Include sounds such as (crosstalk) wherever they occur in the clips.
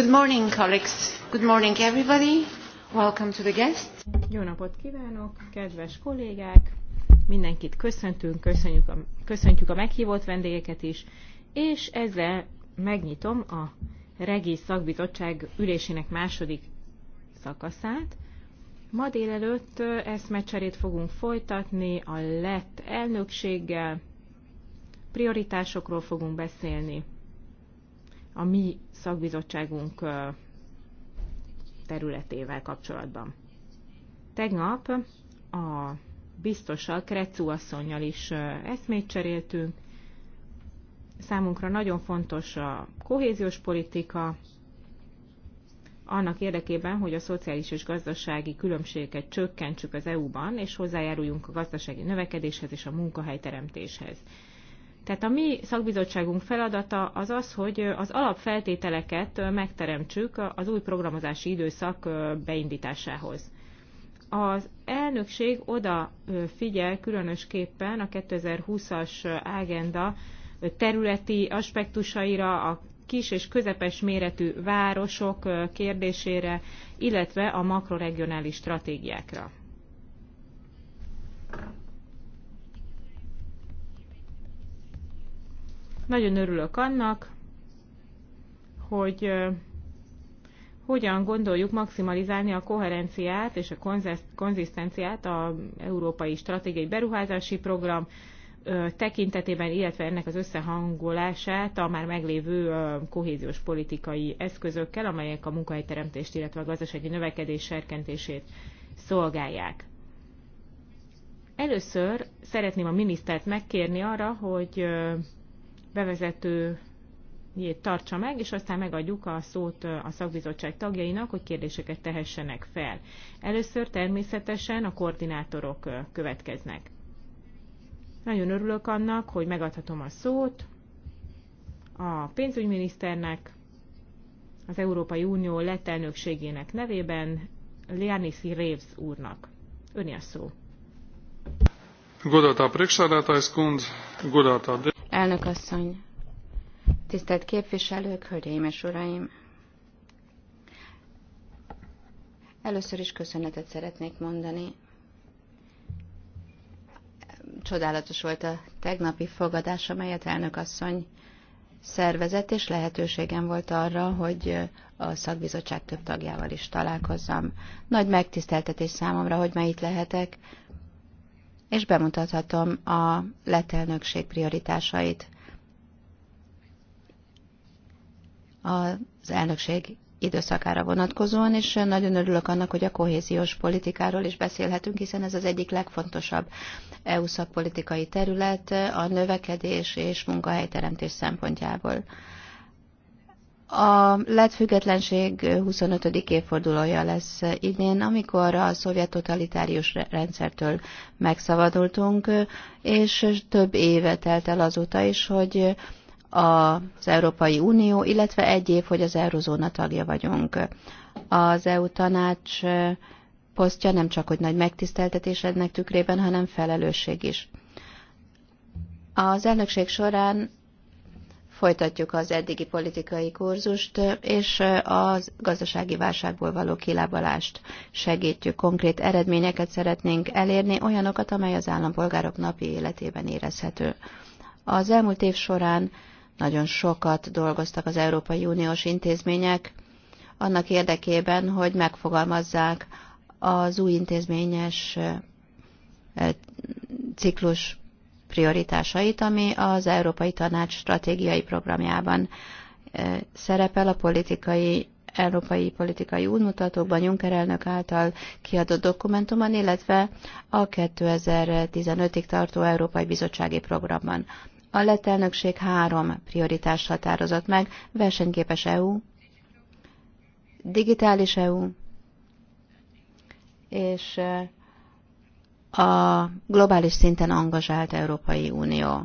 Good morning, colleagues. Good morning, everybody. Welcome to the guests. Jó napot kívánok, kedves kollégák! Mindenkit köszöntünk, köszönjük a, köszöntjük a meghívott vendégeket is, és ezzel megnyitom a Regi Szakbizottság ülésének második szakaszát. Ma délelőtt eszmecserét fogunk folytatni a lett elnökséggel, prioritásokról fogunk beszélni, a mi szakbizottságunk területével kapcsolatban. Tegnap a biztossal, Krecu asszonynal is eszmét cseréltünk. Számunkra nagyon fontos a kohéziós politika, annak érdekében, hogy a szociális és gazdasági különbségeket csökkentsük az EU-ban, és hozzájáruljunk a gazdasági növekedéshez és a munkahelyteremtéshez. Tehát a mi szakbizottságunk feladata az az, hogy az alapfeltételeket megteremtsük az új programozási időszak beindításához. Az elnökség oda figyel különösképpen a 2020-as ágenda területi aspektusaira, a kis és közepes méretű városok kérdésére, illetve a makroregionális stratégiákra. Nagyon örülök annak, hogy hogyan gondoljuk maximalizálni a koherenciát és a konzisztenciát az Európai Stratégiai Beruházási Program tekintetében, illetve ennek az összehangolását a már meglévő kohéziós politikai eszközökkel, amelyek a munkahelyteremtést, illetve a gazdasági növekedés serkentését szolgálják. Először szeretném a minisztert megkérni arra, hogy bevezető tartsa meg, és aztán megadjuk a szót a szakbizottság tagjainak, hogy kérdéseket tehessenek fel. Először természetesen a koordinátorok következnek. Nagyon örülök annak, hogy megadhatom a szót a pénzügyminiszternek, az Európai Unió letelnökségének nevében, Lianis Reeves úrnak. Öni a szó. Godātā priekšsādātājs kundze, godātā Elnök asszony, tisztelt képviselők, hölgyeim és uraim! Először is köszönetet szeretnék mondani. Csodálatos volt a tegnapi fogadás, amelyet elnök asszony szervezett, és lehetőségem volt arra, hogy a szakbizottság több tagjával is találkozzam. Nagy megtiszteltetés számomra, hogy ma itt lehetek, és bemutathatom a letelnökség prioritásait. Az elnökség időszakára vonatkozóan, és nagyon örülök annak, hogy a kohéziós politikáról is beszélhetünk, hiszen ez az egyik legfontosabb EU szakpolitikai terület a növekedés és munkahelyteremtés szempontjából. A lett függetlenség 25. évfordulója lesz idén, amikor a szovjet totalitárius rendszertől megszabadultunk, és több éve telt el azóta is, hogy az Európai Unió, illetve egy év, hogy az Eurozóna tagja vagyunk. Az EU tanács posztja nem csak, hogy nagy megtiszteltetés ennek tükrében, hanem felelősség is. Az elnökség során Folytatjuk az eddigi politikai kurzust, és a gazdasági válságból való kilábalást segítjük. Konkrét eredményeket szeretnénk elérni, olyanokat, amely az állampolgárok napi életében érezhető. Az elmúlt év során nagyon sokat dolgoztak az Európai Uniós intézmények, annak érdekében, hogy megfogalmazzák az új intézményes eh, ciklus prioritásait, ami az Európai Tanács stratégiai programjában szerepel a politikai európai politikai útmutatókban Juncker elnök által kiadott dokumentumon, illetve a 2015-ig tartó Európai Bizottsági Programban. A lett elnökség három prioritást határozott meg, versenyképes EU, digitális EU és a globális szinten angazsált Európai Unió.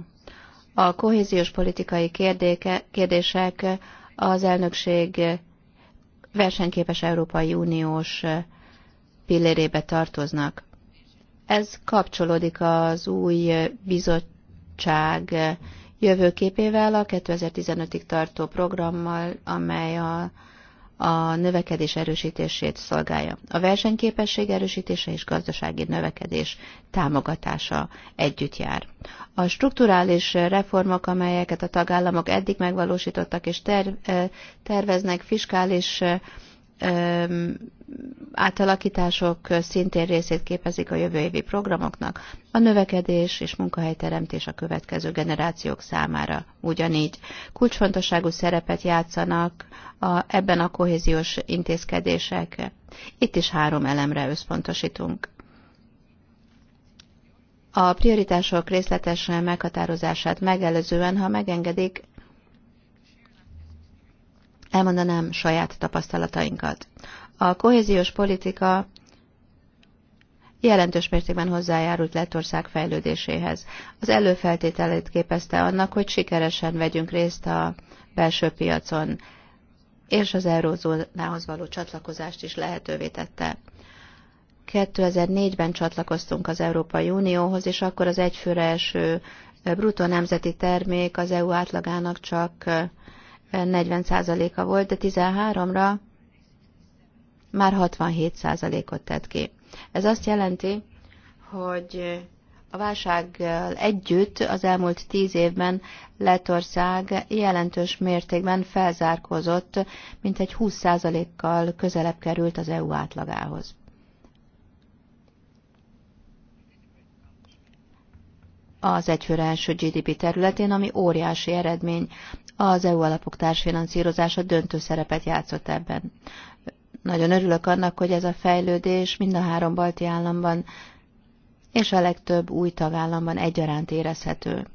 A kohéziós politikai kérdéke, kérdések az elnökség versenyképes Európai Uniós pillérébe tartoznak. Ez kapcsolódik az új bizottság jövőképével, a 2015-ig tartó programmal, amely a a növekedés erősítését szolgálja. A versenyképesség erősítése és gazdasági növekedés támogatása együtt jár. A strukturális reformok, amelyeket a tagállamok eddig megvalósítottak és eh, terveznek, fiskális eh, átalakítások szintén részét képezik a jövő évi programoknak, a növekedés és munkahelyteremtés a következő generációk számára ugyanígy. Kulcsfontosságú szerepet játszanak a, ebben a kohéziós intézkedések. Itt is három elemre összpontosítunk. A prioritások részletes meghatározását megelőzően, ha megengedik, elmondanám saját tapasztalatainkat. A kohéziós politika jelentős mértékben hozzájárult Lettország fejlődéséhez. Az előfeltételét képezte annak, hogy sikeresen vegyünk részt a belső piacon, és az eurózónához való csatlakozást is lehetővé tette. 2004-ben csatlakoztunk az Európai Unióhoz, és akkor az egyfőre eső bruttó nemzeti termék az EU átlagának csak 40%-a volt, de 13-ra már 67%-ot tett ki. Ez azt jelenti, hogy a válsággal együtt az elmúlt tíz évben Letország jelentős mértékben felzárkózott, egy 20%-kal közelebb került az EU átlagához. az egyfőre első GDP területén, ami óriási eredmény. Az EU alapok társfinanszírozása döntő szerepet játszott ebben. Nagyon örülök annak, hogy ez a fejlődés mind a három balti államban és a legtöbb új tagállamban egyaránt érezhető.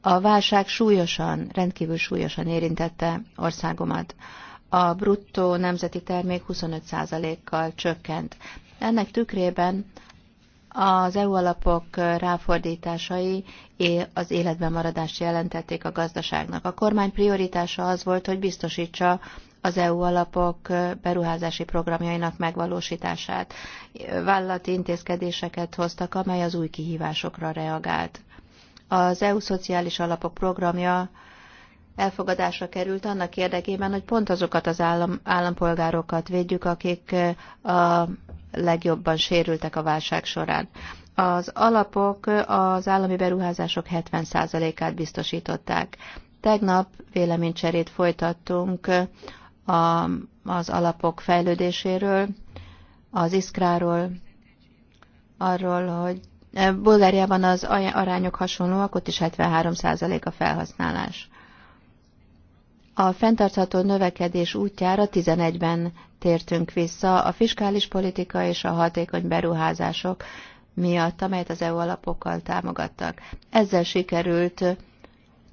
A válság súlyosan, rendkívül súlyosan érintette országomat. A bruttó nemzeti termék 25%-kal csökkent. Ennek tükrében az EU alapok ráfordításai az életben maradást jelentették a gazdaságnak. A kormány prioritása az volt, hogy biztosítsa az EU alapok beruházási programjainak megvalósítását. Vállalati intézkedéseket hoztak, amely az új kihívásokra reagált. Az EU szociális alapok programja elfogadásra került annak érdekében, hogy pont azokat az állam, állampolgárokat védjük, akik a legjobban sérültek a válság során. Az alapok az állami beruházások 70%-át biztosították. Tegnap véleménycserét folytattunk a, az alapok fejlődéséről, az iszkráról, arról, hogy eh, Bulgáriában az arányok hasonlóak, ott is 73% a felhasználás. A fenntartható növekedés útjára 11-ben tértünk vissza a fiskális politika és a hatékony beruházások miatt, amelyet az EU alapokkal támogattak. Ezzel sikerült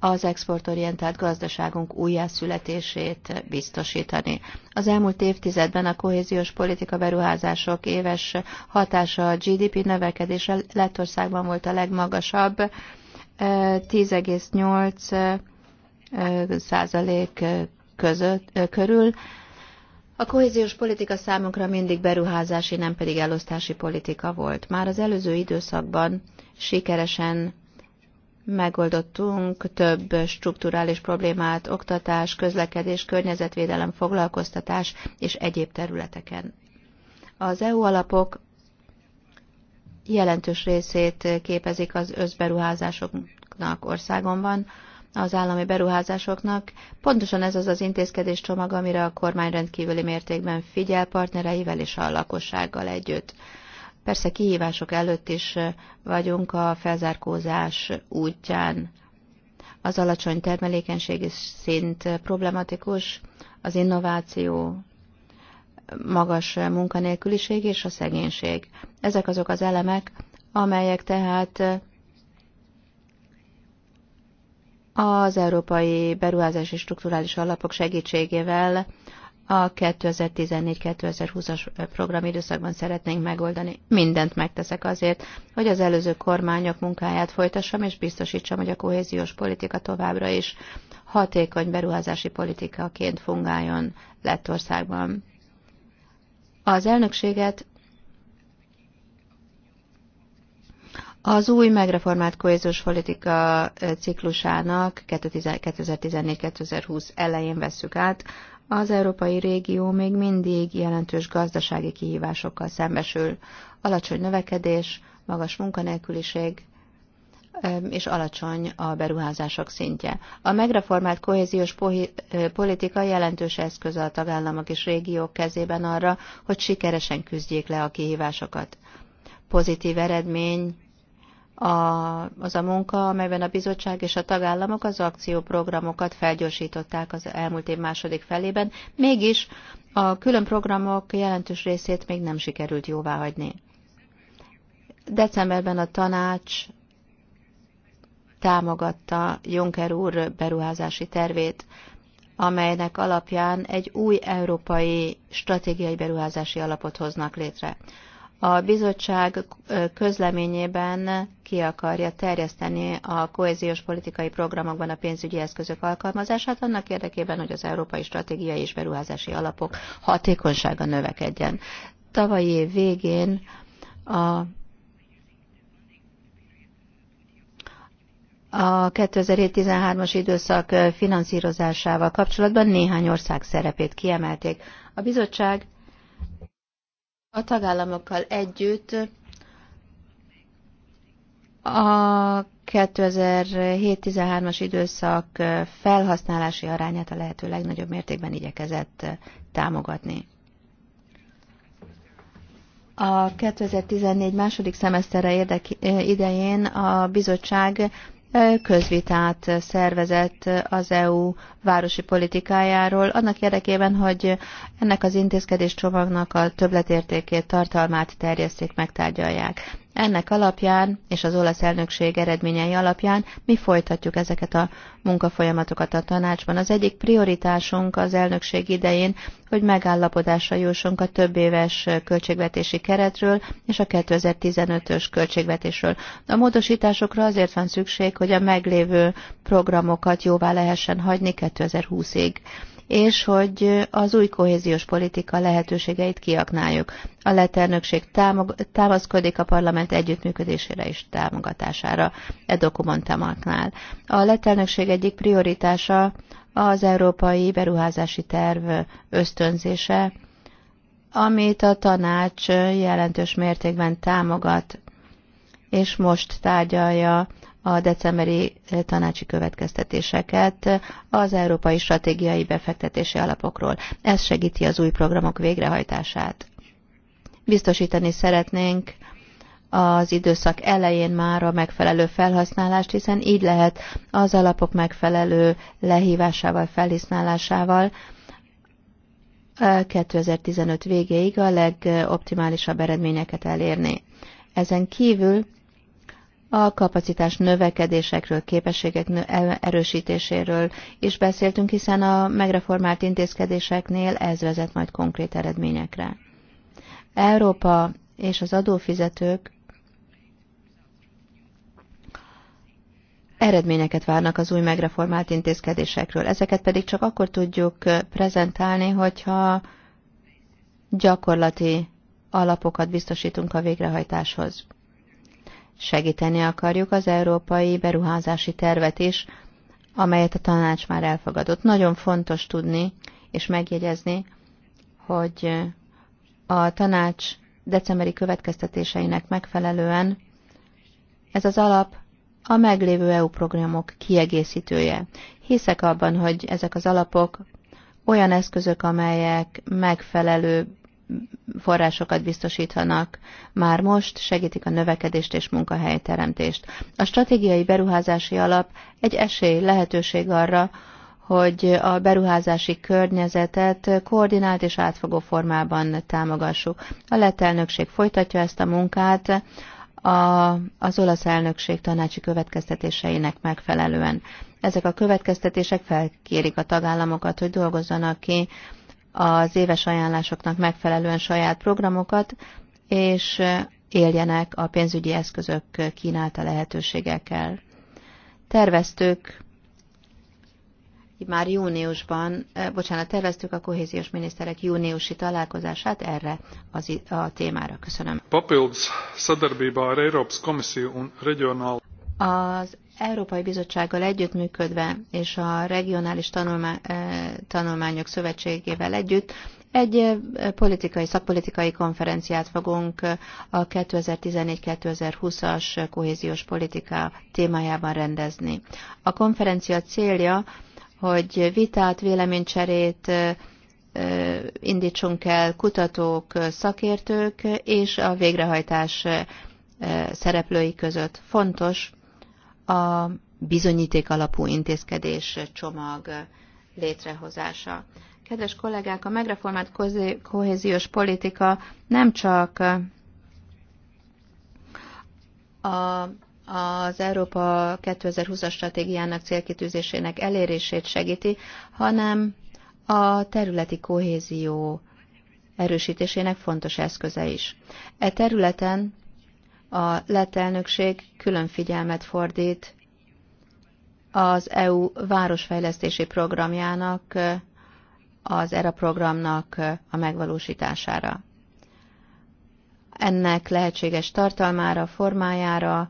az exportorientált gazdaságunk újjászületését biztosítani. Az elmúlt évtizedben a kohéziós politika beruházások éves hatása a GDP növekedésre Lettországban volt a legmagasabb, 10,8 százalék között, körül. A kohéziós politika számunkra mindig beruházási, nem pedig elosztási politika volt. Már az előző időszakban sikeresen megoldottunk több strukturális problémát oktatás, közlekedés, környezetvédelem, foglalkoztatás és egyéb területeken. Az EU alapok jelentős részét képezik az összberuházásoknak országomban, az állami beruházásoknak. Pontosan ez az az intézkedés csomag, amire a kormány rendkívüli mértékben figyel partnereivel és a lakossággal együtt. Persze kihívások előtt is vagyunk a felzárkózás útján. Az alacsony termelékenységi szint problematikus, az innováció, magas munkanélküliség és a szegénység. Ezek azok az elemek, amelyek tehát az Európai beruházási és Strukturális Alapok segítségével a 2014-2020-as programidőszakban szeretnénk megoldani. Mindent megteszek azért, hogy az előző kormányok munkáját folytassam, és biztosítsam, hogy a kohéziós politika továbbra is hatékony beruházási politikaként fungáljon Lettországban. Az elnökséget Az új megreformált kohéziós politika ciklusának 2014-2020 elején vesszük át, az európai régió még mindig jelentős gazdasági kihívásokkal szembesül. Alacsony növekedés, magas munkanélküliség, és alacsony a beruházások szintje. A megreformált kohéziós politika jelentős eszköz a tagállamok és régiók kezében arra, hogy sikeresen küzdjék le a kihívásokat. Pozitív eredmény a, az a munka, amelyben a bizottság és a tagállamok az akcióprogramokat felgyorsították az elmúlt év második felében, mégis a külön programok jelentős részét még nem sikerült jóváhagyni. Decemberben a tanács támogatta Juncker úr beruházási tervét, amelynek alapján egy új európai stratégiai beruházási alapot hoznak létre a bizottság közleményében ki akarja terjeszteni a kohéziós politikai programokban a pénzügyi eszközök alkalmazását annak érdekében, hogy az európai stratégiai és beruházási alapok hatékonysága növekedjen. Tavalyi év végén a a 2013-as időszak finanszírozásával kapcsolatban néhány ország szerepét kiemelték. A bizottság a tagállamokkal együtt a 2007-13-as időszak felhasználási arányát a lehető legnagyobb mértékben igyekezett támogatni. A 2014 második szemeszterre idején a bizottság közvitát szervezett az EU városi politikájáról, annak érdekében, hogy ennek az intézkedés csomagnak a többletértékét, tartalmát terjeszték, megtárgyalják. Ennek alapján és az olasz elnökség eredményei alapján mi folytatjuk ezeket a munkafolyamatokat a tanácsban. Az egyik prioritásunk az elnökség idején, hogy megállapodásra jussunk a több éves költségvetési keretről és a 2015-ös költségvetésről. A módosításokra azért van szükség, hogy a meglévő programokat jóvá lehessen hagyni 2020-ig és hogy az új kohéziós politika lehetőségeit kiaknáljuk. A leternökség támog- támaszkodik a parlament együttműködésére és támogatására e dokumentumoknál. A leternökség egyik prioritása az európai beruházási terv ösztönzése, amit a tanács jelentős mértékben támogat, és most tárgyalja a decemberi eh, tanácsi következtetéseket az Európai Stratégiai Befektetési Alapokról. Ez segíti az új programok végrehajtását. Biztosítani szeretnénk az időszak elején már a megfelelő felhasználást, hiszen így lehet az alapok megfelelő lehívásával, felhasználásával 2015 eh, végéig a legoptimálisabb eredményeket elérni. Ezen kívül a kapacitás növekedésekről, képességek erősítéséről is beszéltünk, hiszen a megreformált intézkedéseknél ez vezet majd konkrét eredményekre. Európa és az adófizetők eredményeket várnak az új megreformált intézkedésekről. Ezeket pedig csak akkor tudjuk prezentálni, hogyha gyakorlati alapokat biztosítunk a végrehajtáshoz. Segíteni akarjuk az európai beruházási tervet is, amelyet a tanács már elfogadott. Nagyon fontos tudni és megjegyezni, hogy a tanács decemberi következtetéseinek megfelelően ez az alap a meglévő EU programok kiegészítője. Hiszek abban, hogy ezek az alapok olyan eszközök, amelyek megfelelő forrásokat biztosítanak, már most, segítik a növekedést és munkahelyteremtést. A stratégiai beruházási alap egy esély, lehetőség arra, hogy a beruházási környezetet koordinált és átfogó formában támogassuk. A lett elnökség folytatja ezt a munkát a, az olasz elnökség tanácsi következtetéseinek megfelelően. Ezek a következtetések felkérik a tagállamokat, hogy dolgozzanak ki az éves ajánlásoknak megfelelően saját programokat, és éljenek a pénzügyi eszközök kínálta lehetőségekkel. Terveztük már júniusban, eh, bocsánat, terveztük a kohéziós miniszterek júniusi találkozását erre az, a témára. Köszönöm. Papildus sadarbībā ar Eiropas un Az Európai Bizottsággal együttműködve és a Regionális Tanulmány, eh, Tanulmányok Szövetségével együtt egy eh, politikai, szakpolitikai konferenciát fogunk eh, a 2014-2020-as kohéziós politika témájában rendezni. A konferencia célja, hogy vitát, véleménycserét indítsunk el kutatók, szakértők és a végrehajtás szereplői között. Fontos, a bizonyíték alapú intézkedés csomag létrehozása. Kedves kollégák, a megreformált kohéziós politika nem csak a, az Európa 2020-as stratégiának célkitűzésének elérését segíti, hanem a területi kohézió erősítésének fontos eszköze is. E területen a lett elnökség külön figyelmet fordít az EU városfejlesztési programjának, az ERA programnak a megvalósítására. Ennek lehetséges tartalmára, formájára,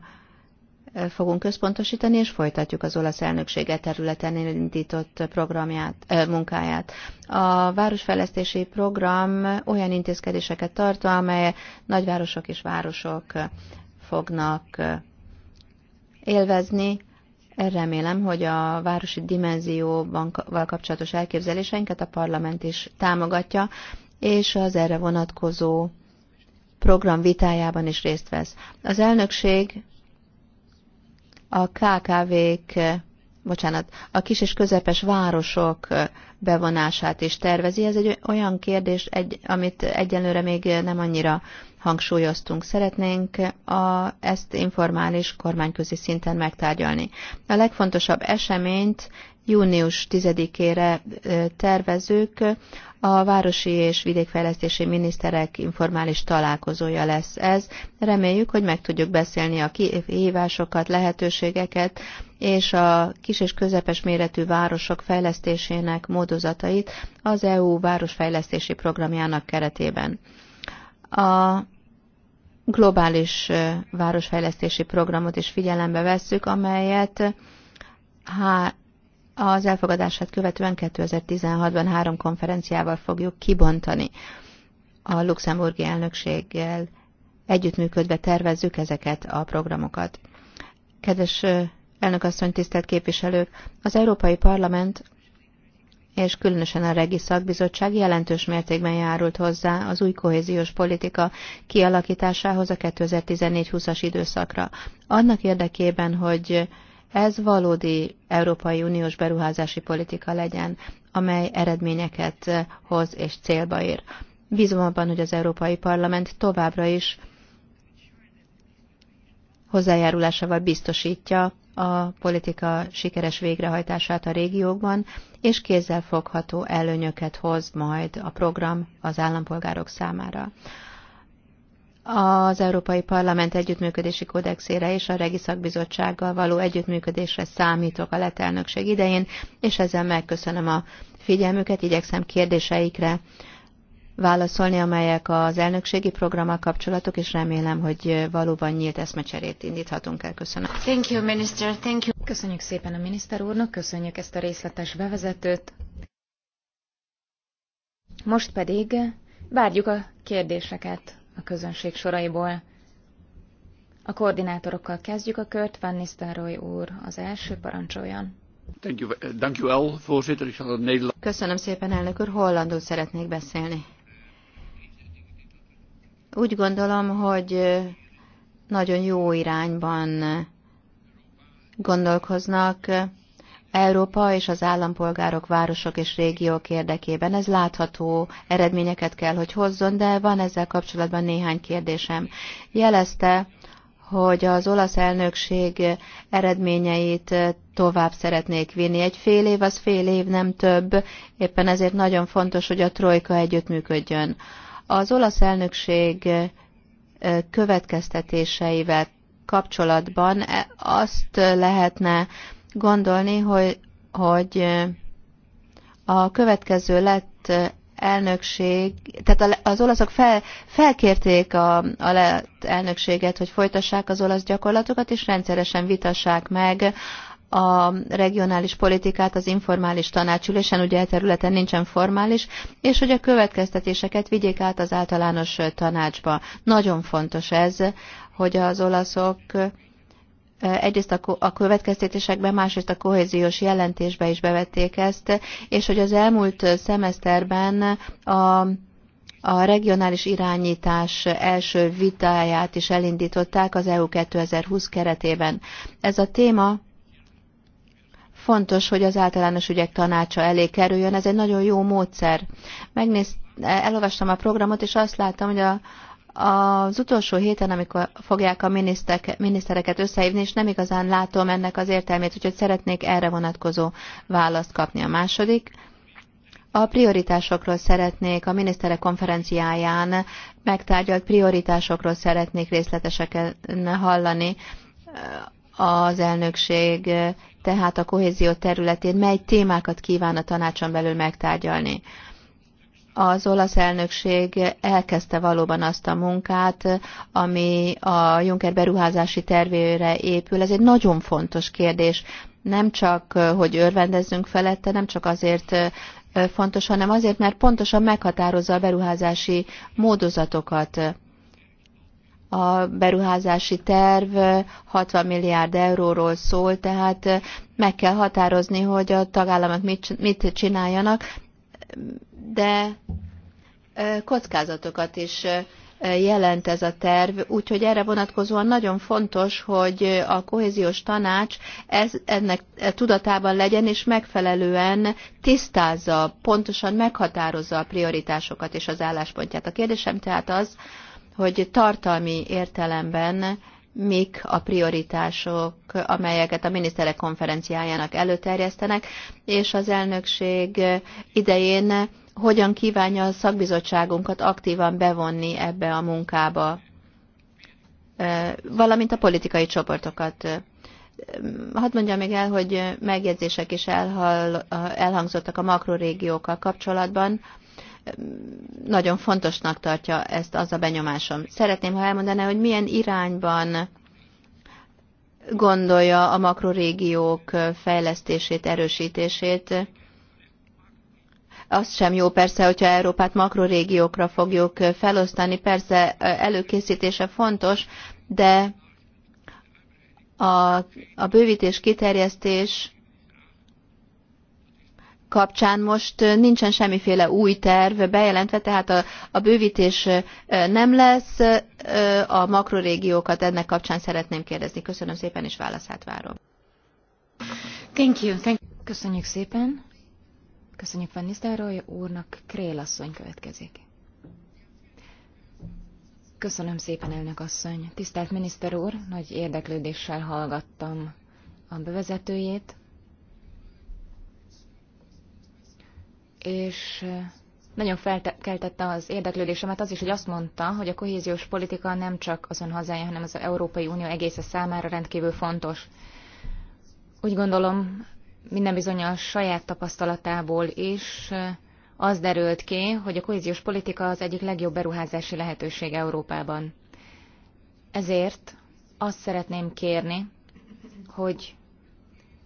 fogunk központosítani, és folytatjuk az olasz elnöksége területen indított programját, munkáját. A városfejlesztési program olyan intézkedéseket tart, amely nagyvárosok és városok fognak élvezni. Remélem, hogy a városi dimenzióval kapcsolatos elképzeléseinket a parlament is támogatja, és az erre vonatkozó program vitájában is részt vesz. Az elnökség a KKV-k, bocsánat, a kis és közepes városok bevonását is tervezi. Ez egy olyan kérdés, egy, amit egyelőre még nem annyira hangsúlyoztunk. Szeretnénk a, ezt informális kormányközi szinten megtárgyalni. A legfontosabb eseményt június 10-ére tervezők, a városi és vidékfejlesztési miniszterek informális találkozója lesz ez. Reméljük, hogy meg tudjuk beszélni a kihívásokat, lehetőségeket és a kis és közepes méretű városok fejlesztésének módozatait az EU városfejlesztési programjának keretében. A globális városfejlesztési programot is figyelembe vesszük, amelyet az elfogadását követően 2016-ban három konferenciával fogjuk kibontani. A luxemburgi elnökséggel együttműködve tervezzük ezeket a programokat. Kedves elnökasszony, tisztelt képviselők! Az Európai Parlament és különösen a Regi Szakbizottság jelentős mértékben járult hozzá az új kohéziós politika kialakításához a 2014-20-as időszakra. Annak érdekében, hogy ez valódi Európai Uniós beruházási politika legyen, amely eredményeket hoz és célba ér. Bízom abban, hogy az Európai Parlament továbbra is hozzájárulásával biztosítja a politika sikeres végrehajtását a régiókban, és kézzelfogható előnyöket hoz majd a program az állampolgárok számára az Európai Parlament együttműködési kódexére és a Regi Szakbizottsággal való együttműködésre számítok a letelnökség idején, és ezzel megköszönöm a figyelmüket, igyekszem kérdéseikre válaszolni, amelyek az elnökségi programmal kapcsolatok, és remélem, hogy valóban nyílt eszmecserét indíthatunk el. Köszönöm. Thank you, minister. Thank you. Köszönjük szépen a miniszter úrnak, köszönjük ezt a részletes bevezetőt. Most pedig várjuk a kérdéseket a közönség soraiból. A koordinátorokkal kezdjük a kört. Van Nistelrooy úr az első, parancsoljon. Eh, Köszönöm szépen, elnök úr. Hollandul szeretnék beszélni. Úgy gondolom, hogy eh, nagyon jó irányban eh, gondolkoznak Európa és az állampolgárok, városok és régiók érdekében. Ez látható eredményeket kell, hogy hozzon, de van ezzel kapcsolatban néhány kérdésem. Jelezte, hogy az olasz elnökség eredményeit tovább szeretnék vinni. Egy fél év az fél év, nem több, éppen ezért nagyon fontos, hogy a trojka együttműködjön. Az olasz elnökség következtetéseivel kapcsolatban azt lehetne gondolni, hogy, hogy a következő lett elnökség, tehát az olaszok fel, felkérték a, a lett elnökséget, hogy folytassák az olasz gyakorlatokat, és rendszeresen vitassák meg a regionális politikát az informális tanácsülésen, ugye a e területen nincsen formális, és hogy a következtetéseket vigyék át az általános tanácsba. Nagyon fontos ez, hogy az olaszok egyrészt a, a következtetésekben, másrészt a kohéziós jelentésbe is bevették ezt, és hogy az elmúlt szemeszterben a a regionális irányítás első vitáját is elindították az EU 2020 keretében. Ez a téma fontos, hogy az általános ügyek tanácsa elé kerüljön. Ez egy nagyon jó módszer. Megnéz, elolvastam a programot, és azt láttam, hogy a, az utolsó héten, amikor fogják a minisztereket összehívni, és nem igazán látom ennek az értelmét, úgyhogy szeretnék erre vonatkozó választ kapni a második. A prioritásokról szeretnék, a miniszterek konferenciáján megtárgyalt prioritásokról szeretnék részleteseken hallani az elnökség, tehát a kohézió területén mely témákat kíván a tanácson belül megtárgyalni az olasz elnökség elkezdte valóban azt a munkát, ami a Juncker beruházási tervére épül. Ez egy nagyon fontos kérdés. Nem csak, hogy örvendezzünk felette, nem csak azért fontos, hanem azért, mert pontosan meghatározza a beruházási módozatokat. A beruházási terv 60 milliárd euróról szól, tehát meg kell határozni, hogy a tagállamok mit, mit csináljanak, de kockázatokat is jelent ez a terv, úgyhogy erre vonatkozóan nagyon fontos, hogy a kohéziós tanács ez, ennek e, tudatában legyen, és megfelelően tisztázza, pontosan meghatározza a prioritásokat és az álláspontját. A kérdésem tehát az, hogy tartalmi értelemben mik a prioritások, amelyeket a miniszterek konferenciájának előterjesztenek, és az elnökség idején hogyan kívánja a szakbizottságunkat aktívan bevonni ebbe a munkába, valamint a politikai csoportokat. Hadd mondjam még el, hogy megjegyzések is elhangzottak a makrorégiókkal kapcsolatban, nagyon fontosnak tartja ezt az a benyomásom. Szeretném, ha elmondaná, hogy milyen irányban gondolja a makrorégiók fejlesztését, erősítését. Az sem jó persze, hogyha Európát makrorégiókra fogjuk felosztani. Persze előkészítése fontos, de a, a bővítés, kiterjesztés kapcsán most nincsen semmiféle új terv bejelentve, tehát a, a bővítés nem lesz. A makrorégiókat ennek kapcsán szeretném kérdezni. Köszönöm szépen, és válaszát várom. Thank you. Thank you. Köszönjük szépen. Köszönjük Van úrnak. Krél asszony következik. Köszönöm szépen, elnök asszony. Tisztelt miniszter úr, nagy érdeklődéssel hallgattam a bevezetőjét. és nagyon felkeltette az érdeklődésemet az is, hogy azt mondta, hogy a kohéziós politika nem csak az ön hazája, hanem az Európai Unió egésze számára rendkívül fontos. Úgy gondolom, minden bizony a saját tapasztalatából is az derült ki, hogy a kohéziós politika az egyik legjobb beruházási lehetőség Európában. Ezért azt szeretném kérni, hogy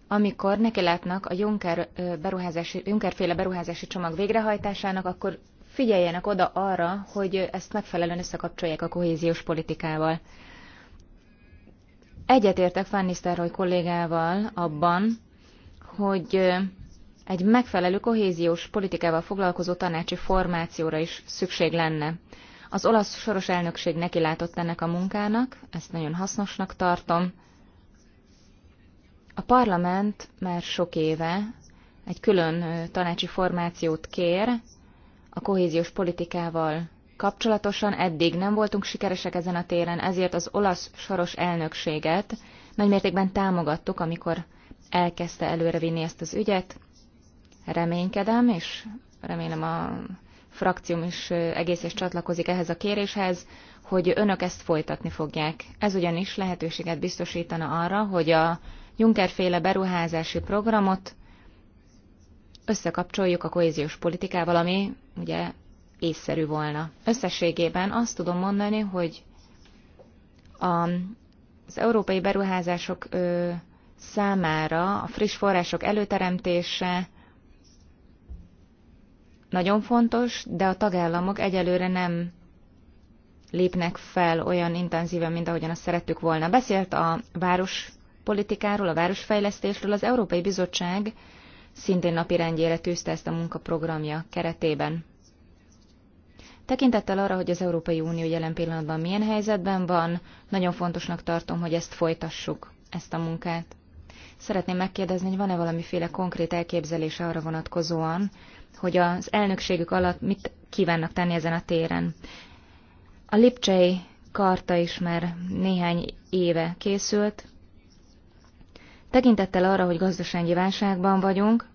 amikor nekilátnak a Juncker beruházási, Juncker-féle beruházási csomag végrehajtásának, akkor figyeljenek oda arra, hogy ezt megfelelően összekapcsolják a kohéziós politikával. Egyetértek Van Nistelrooy kollégával abban, hogy egy megfelelő kohéziós politikával foglalkozó tanácsi formációra is szükség lenne. Az olasz soros elnökség neki látott ennek a munkának, ezt nagyon hasznosnak tartom, a parlament már sok éve egy külön tanácsi formációt kér a kohéziós politikával kapcsolatosan. Eddig nem voltunk sikeresek ezen a téren, ezért az olasz soros elnökséget nagymértékben támogattuk, amikor elkezdte előrevinni ezt az ügyet. Reménykedem, és remélem a frakcióm is egész és csatlakozik ehhez a kéréshez, hogy önök ezt folytatni fogják. Ez ugyanis lehetőséget biztosítana arra, hogy a Juncker-féle beruházási programot összekapcsoljuk a kohéziós politikával, ami ugye észszerű volna. Összességében azt tudom mondani, hogy a, az európai beruházások ö, számára a friss források előteremtése nagyon fontos, de a tagállamok egyelőre nem lépnek fel olyan intenzíven, mint ahogyan azt szerettük volna. Beszélt a város politikáról, a városfejlesztésről az Európai Bizottság szintén napirendjére tűzte ezt a munkaprogramja keretében. Tekintettel arra, hogy az Európai Unió jelen pillanatban milyen helyzetben van, nagyon fontosnak tartom, hogy ezt folytassuk, ezt a munkát. Szeretném megkérdezni, hogy van-e valamiféle konkrét elképzelése arra vonatkozóan, hogy az elnökségük alatt mit kívánnak tenni ezen a téren. A Lipcsei karta is már néhány éve készült, Tekintettel arra, hogy gazdasági válságban vagyunk,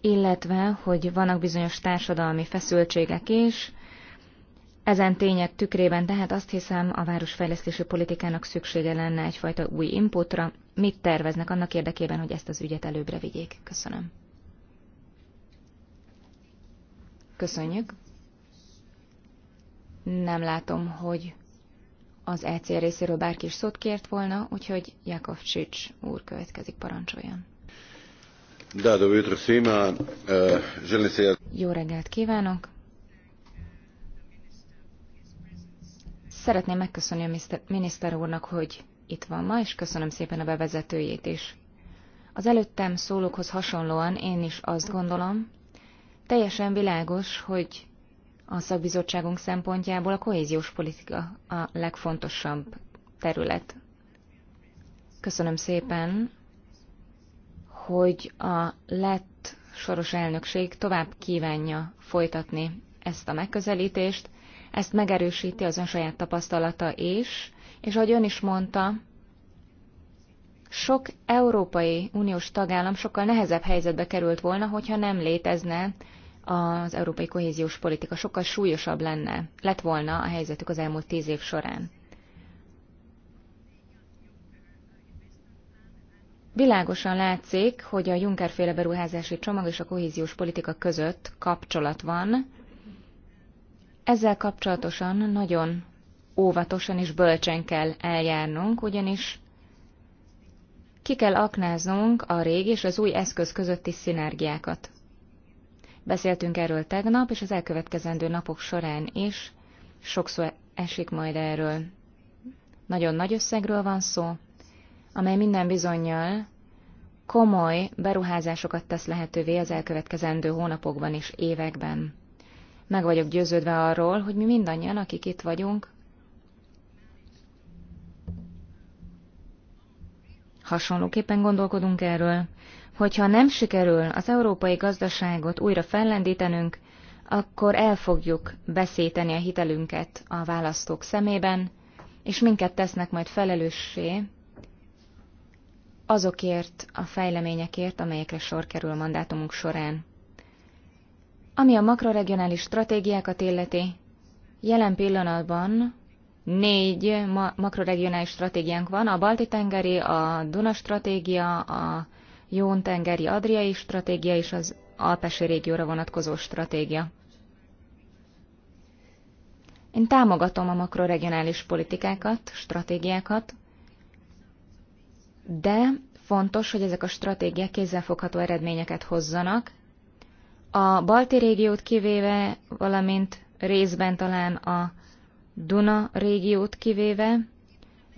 illetve, hogy vannak bizonyos társadalmi feszültségek is, ezen tények tükrében tehát azt hiszem a városfejlesztési politikának szüksége lenne egyfajta új inputra. Mit terveznek annak érdekében, hogy ezt az ügyet előbbre vigyék? Köszönöm. Köszönjük. Nem látom, hogy az ECR részéről bárki is szót kért volna, úgyhogy Jakov Csics úr következik, parancsoljon. E, Jó reggelt kívánok! Szeretném megköszönni a miniszter úrnak, hogy itt van ma, és köszönöm szépen a bevezetőjét is. Az előttem szólókhoz hasonlóan én is azt gondolom, teljesen világos, hogy a szakbizottságunk szempontjából a kohéziós politika a legfontosabb terület. Köszönöm szépen, hogy a lett soros elnökség tovább kívánja folytatni ezt a megközelítést, ezt megerősíti az ön saját tapasztalata is, és ahogy ön is mondta, sok Európai Uniós tagállam sokkal nehezebb helyzetbe került volna, hogyha nem létezne az európai kohéziós politika sokkal súlyosabb lenne, lett volna a helyzetük az elmúlt tíz év során. Világosan látszik, hogy a Juncker-féle beruházási csomag és a kohéziós politika között kapcsolat van. Ezzel kapcsolatosan nagyon óvatosan és bölcsen kell eljárnunk, ugyanis ki kell aknáznunk a régi és az új eszköz közötti szinergiákat. Beszéltünk erről tegnap, és az elkövetkezendő napok során is sokszor esik majd erről. Nagyon nagy összegről van szó, amely minden bizonyal komoly beruházásokat tesz lehetővé az elkövetkezendő hónapokban és években. Meg vagyok győződve arról, hogy mi mindannyian, akik itt vagyunk, hasonlóképpen gondolkodunk erről, Hogyha nem sikerül az európai gazdaságot újra fellendítenünk, akkor el fogjuk beszéteni a hitelünket a választók szemében, és minket tesznek majd felelőssé azokért a fejleményekért, amelyekre sor kerül a mandátumunk során. Ami a makroregionális stratégiákat illeti, jelen pillanatban négy ma- makroregionális stratégiánk van, a Balti-tengeri, a Duna stratégia, a Jón-tengeri adriai stratégia és az Alpesi régióra vonatkozó stratégia. Én támogatom a makroregionális politikákat, stratégiákat, de fontos, hogy ezek a stratégiák kézzelfogható eredményeket hozzanak. A balti régiót kivéve, valamint részben talán a Duna régiót kivéve,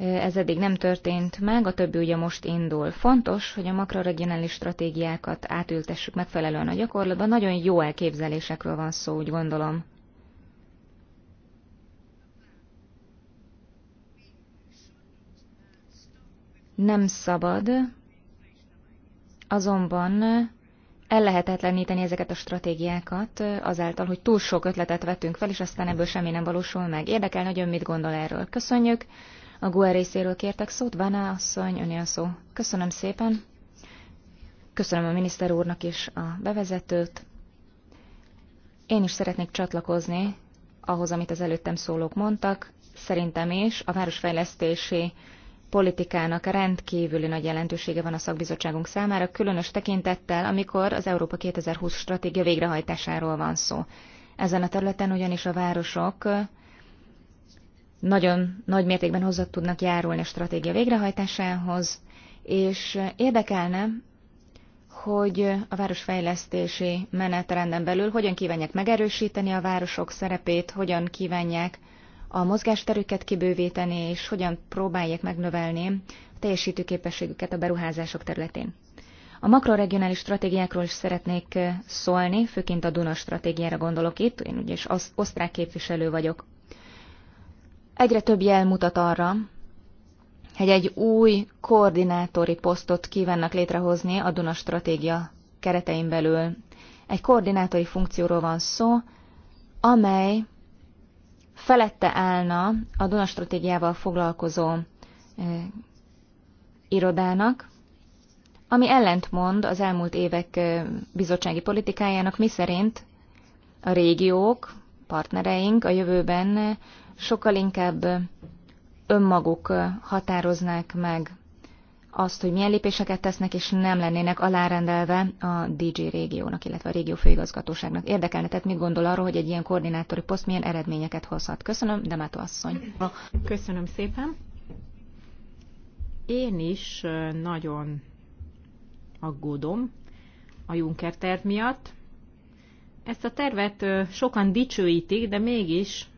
ez eddig nem történt meg, a többi ugye most indul. Fontos, hogy a makroregionális stratégiákat átültessük megfelelően a gyakorlatban. Nagyon jó elképzelésekről van szó, úgy gondolom. Nem szabad, azonban ellehetetleníteni ezeket a stratégiákat azáltal, hogy túl sok ötletet vetünk fel, és aztán ebből semmi nem valósul meg. Érdekel, hogy ön mit gondol erről. Köszönjük! A Gua részéről kértek szót, Váná asszony, öné a szó. Köszönöm szépen. Köszönöm a miniszter úrnak is a bevezetőt. Én is szeretnék csatlakozni ahhoz, amit az előttem szólók mondtak. Szerintem is a városfejlesztési politikának rendkívüli nagy jelentősége van a szakbizottságunk számára, különös tekintettel, amikor az Európa 2020 stratégia végrehajtásáról van szó. Ezen a területen ugyanis a városok nagyon nagy mértékben hozzá tudnak járulni a stratégia végrehajtásához, és érdekelne, hogy a városfejlesztési menetrenden belül hogyan kívánják megerősíteni a városok szerepét, hogyan kívánják a mozgásterüket kibővíteni, és hogyan próbálják megnövelni a teljesítőképességüket a beruházások területén. A makroregionális stratégiákról is szeretnék szólni, főként a Duna stratégiára gondolok itt, én ugye is osztrák képviselő vagyok. Egyre több jel mutat arra, hogy egy új koordinátori posztot kívánnak létrehozni a Duna stratégia keretein belül. Egy koordinátori funkcióról van szó, amely felette állna a Duna stratégiával foglalkozó irodának, ami ellentmond az elmúlt évek bizottsági politikájának, miszerint a régiók, partnereink a jövőben sokkal inkább önmaguk határoznák meg azt, hogy milyen lépéseket tesznek, és nem lennének alárendelve a DJ régiónak, illetve a régió főigazgatóságnak. Érdekelne, tehát mit gondol arról, hogy egy ilyen koordinátori poszt milyen eredményeket hozhat? Köszönöm, Demato asszony. Köszönöm szépen. Én is nagyon aggódom a Juncker terv miatt. Ezt a tervet sokan dicsőítik, de mégis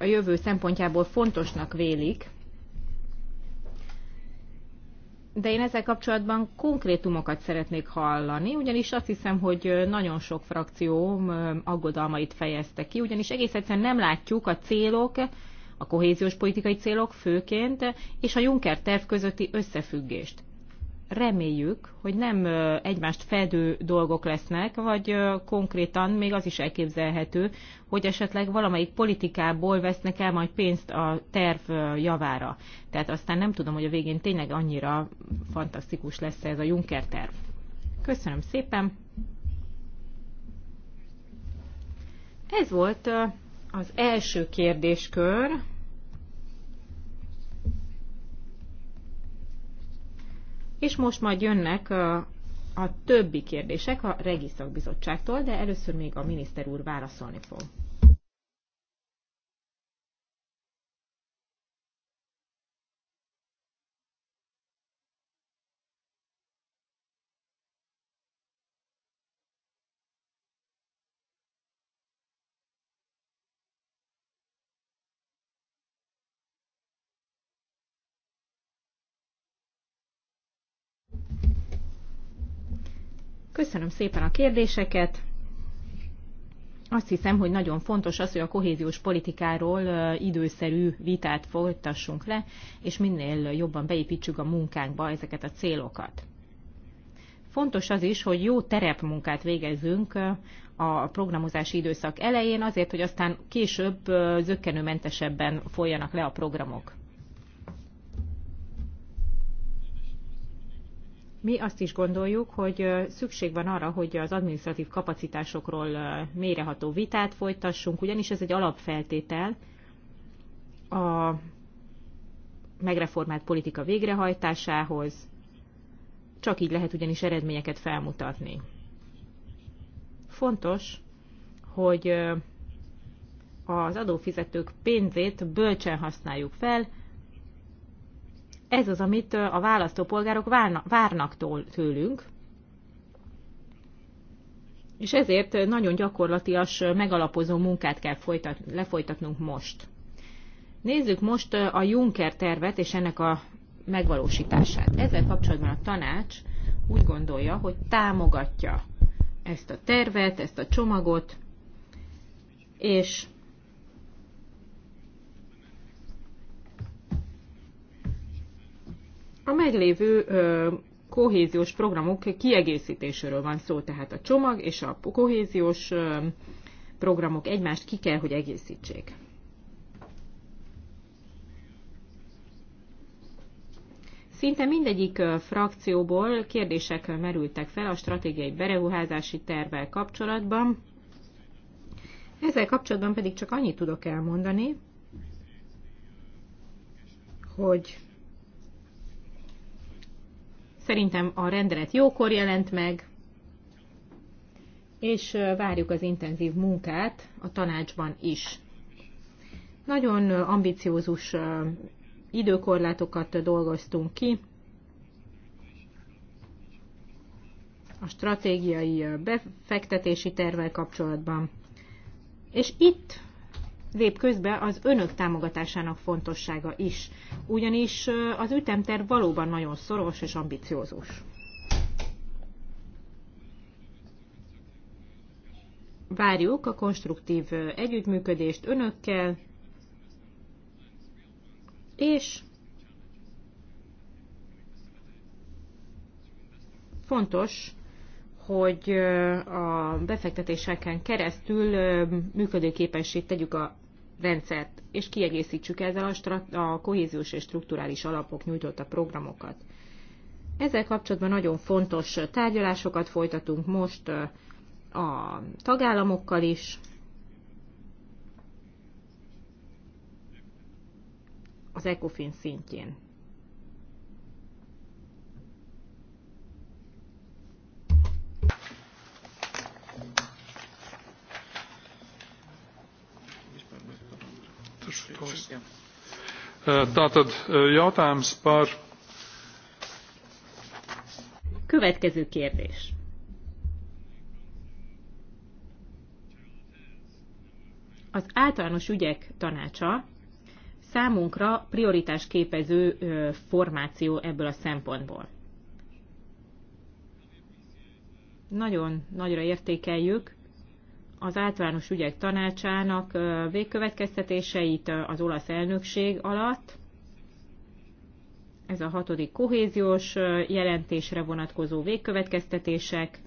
a jövő szempontjából fontosnak vélik, de én ezzel kapcsolatban konkrétumokat szeretnék hallani, ugyanis azt hiszem, hogy nagyon sok frakció aggodalmait fejezte ki, ugyanis egész egyszerűen nem látjuk a célok, a kohéziós politikai célok főként, és a Juncker terv közötti összefüggést reméljük, hogy nem egymást fedő dolgok lesznek, vagy konkrétan még az is elképzelhető, hogy esetleg valamelyik politikából vesznek el majd pénzt a terv javára. Tehát aztán nem tudom, hogy a végén tényleg annyira fantasztikus lesz ez a Juncker terv. Köszönöm szépen! Ez volt az első kérdéskör. és most majd jönnek a, a többi kérdések a Bizottságtól, de először még a miniszter úr válaszolni fog. Köszönöm szépen a kérdéseket. Azt hiszem, hogy nagyon fontos az, hogy a kohéziós politikáról időszerű vitát folytassunk le, és minél jobban beépítsük a munkánkba ezeket a célokat. Fontos az is, hogy jó terepmunkát végezzünk a programozási időszak elején, azért, hogy aztán később zöggenőmentesebben folyjanak le a programok. Mi azt is gondoljuk, hogy szükség van arra, hogy az administratív kapacitásokról méreható vitát folytassunk, ugyanis ez egy alapfeltétel a megreformált politika végrehajtásához, csak így lehet ugyanis eredményeket felmutatni. Fontos, hogy az adófizetők pénzét bölcsen használjuk fel, ez az, amit a választópolgárok várnak, tól, tőlünk, és ezért nagyon gyakorlatias, megalapozó munkát kell folytat, lefolytatnunk most. Nézzük most a Juncker tervet és ennek a megvalósítását. Ezzel kapcsolatban a tanács úgy gondolja, hogy támogatja ezt a tervet, ezt a csomagot, és A meglévő kohéziós programok kiegészítéséről van szó, tehát a csomag és a kohéziós programok egymást ki kell, hogy egészítsék. Szinte mindegyik frakcióból kérdések merültek fel a stratégiai beruházási tervvel kapcsolatban. Ezzel kapcsolatban pedig csak annyit tudok elmondani, hogy Szerintem a rendelet jókor jelent meg, és várjuk az intenzív munkát a tanácsban is. Nagyon ambiciózus időkorlátokat dolgoztunk ki. A stratégiai befektetési tervel kapcsolatban. És itt lép közbe az önök támogatásának fontossága is, ugyanis az ütemterv valóban nagyon szoros és ambiciózus. Várjuk a konstruktív együttműködést önökkel, és fontos hogy a befektetéseken keresztül működőképessé tegyük a rendszert, és kiegészítsük ezzel a, a kohéziós és strukturális alapok nyújtotta programokat. Ezzel kapcsolatban nagyon fontos tárgyalásokat folytatunk most a tagállamokkal is. Az ECOFIN szintjén. visiem. Tātad jautājums par. Következő kérdés. Az általános ügyek tanácsa számunkra prioritás képező formáció ebből a szempontból. Nagyon nagyra értékeljük az általános ügyek tanácsának végkövetkeztetéseit az olasz elnökség alatt. Ez a hatodik kohéziós jelentésre vonatkozó végkövetkeztetések.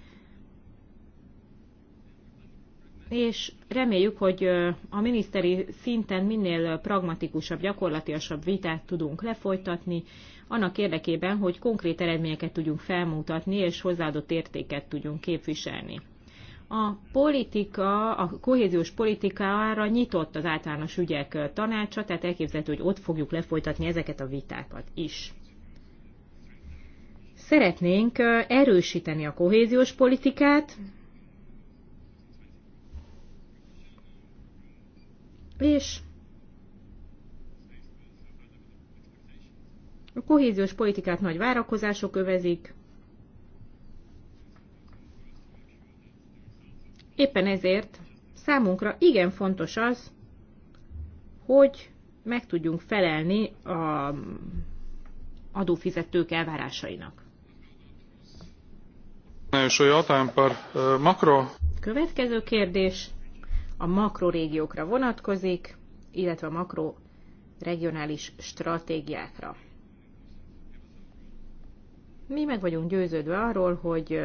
És reméljük, hogy a miniszteri szinten minél pragmatikusabb, gyakorlatiasabb vitát tudunk lefolytatni, annak érdekében, hogy konkrét eredményeket tudjunk felmutatni, és hozzáadott értéket tudjunk képviselni a politika, a kohéziós politikára nyitott az általános ügyek tanácsa, tehát elképzelhető, hogy ott fogjuk lefolytatni ezeket a vitákat is. Szeretnénk erősíteni a kohéziós politikát, és a kohéziós politikát nagy várakozások övezik, Éppen ezért számunkra igen fontos az, hogy meg tudjunk felelni a adófizetők elvárásainak. Következő kérdés a makrorégiókra vonatkozik, illetve a makroregionális stratégiákra. Mi meg vagyunk győződve arról, hogy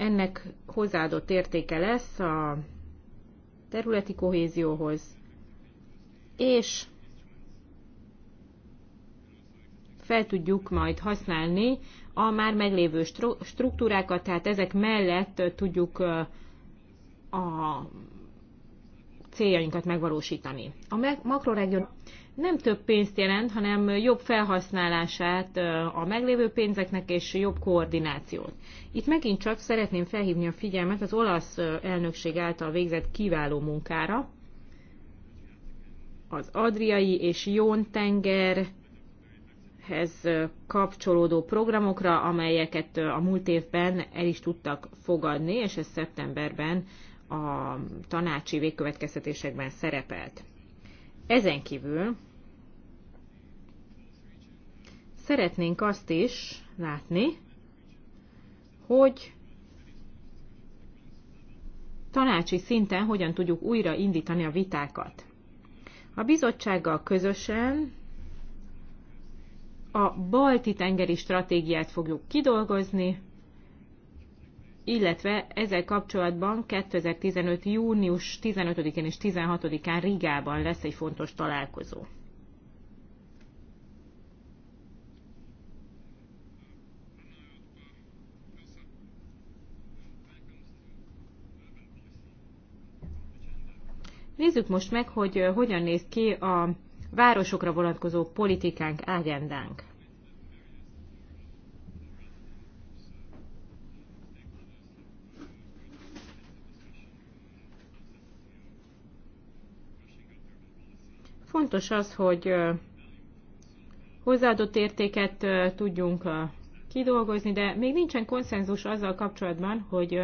ennek hozzáadott értéke lesz a területi kohézióhoz, és fel tudjuk majd használni a már meglévő struktúrákat, tehát ezek mellett tudjuk a céljainkat megvalósítani. A makroregion nem több pénzt jelent, hanem jobb felhasználását a meglévő pénzeknek és jobb koordinációt. Itt megint csak szeretném felhívni a figyelmet az olasz elnökség által végzett kiváló munkára, az Adriai és Jón tengerhez kapcsolódó programokra, amelyeket a múlt évben el is tudtak fogadni, és ez szeptemberben a tanácsi végkövetkeztetésekben szerepelt. Ezen kívül szeretnénk azt is látni, hogy tanácsi szinten hogyan tudjuk újra indítani a vitákat. A bizottsággal közösen a balti tengeri stratégiát fogjuk kidolgozni, illetve ezzel kapcsolatban 2015. június 15-én és 16-án Rigában lesz egy fontos találkozó. Nézzük most meg, hogy hogyan néz ki a városokra vonatkozó politikánk, agendánk. Fontos az, hogy hozzáadott értéket tudjunk kidolgozni, de még nincsen konszenzus azzal kapcsolatban, hogy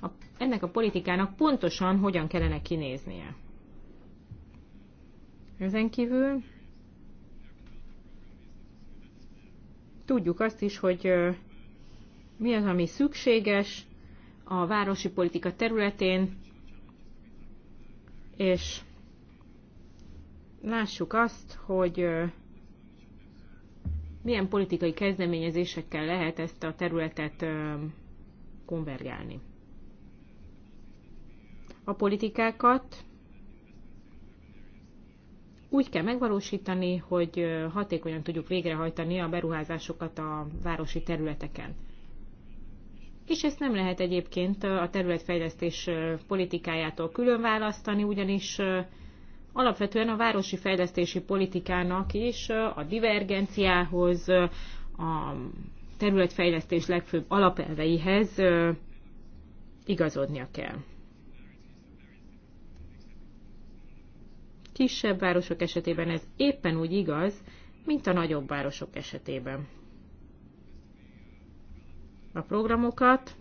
a, ennek a politikának pontosan hogyan kellene kinéznie. Ezen kívül tudjuk azt is, hogy mi az, ami szükséges a városi politika területén, és lássuk azt, hogy milyen politikai kezdeményezésekkel lehet ezt a területet konvergálni. A politikákat úgy kell megvalósítani, hogy hatékonyan tudjuk végrehajtani a beruházásokat a városi területeken. És ezt nem lehet egyébként a területfejlesztés politikájától külön választani, ugyanis alapvetően a városi fejlesztési politikának is a divergenciához, a területfejlesztés legfőbb alapelveihez igazodnia kell. Kisebb városok esetében ez éppen úgy igaz, mint a nagyobb városok esetében. A programokat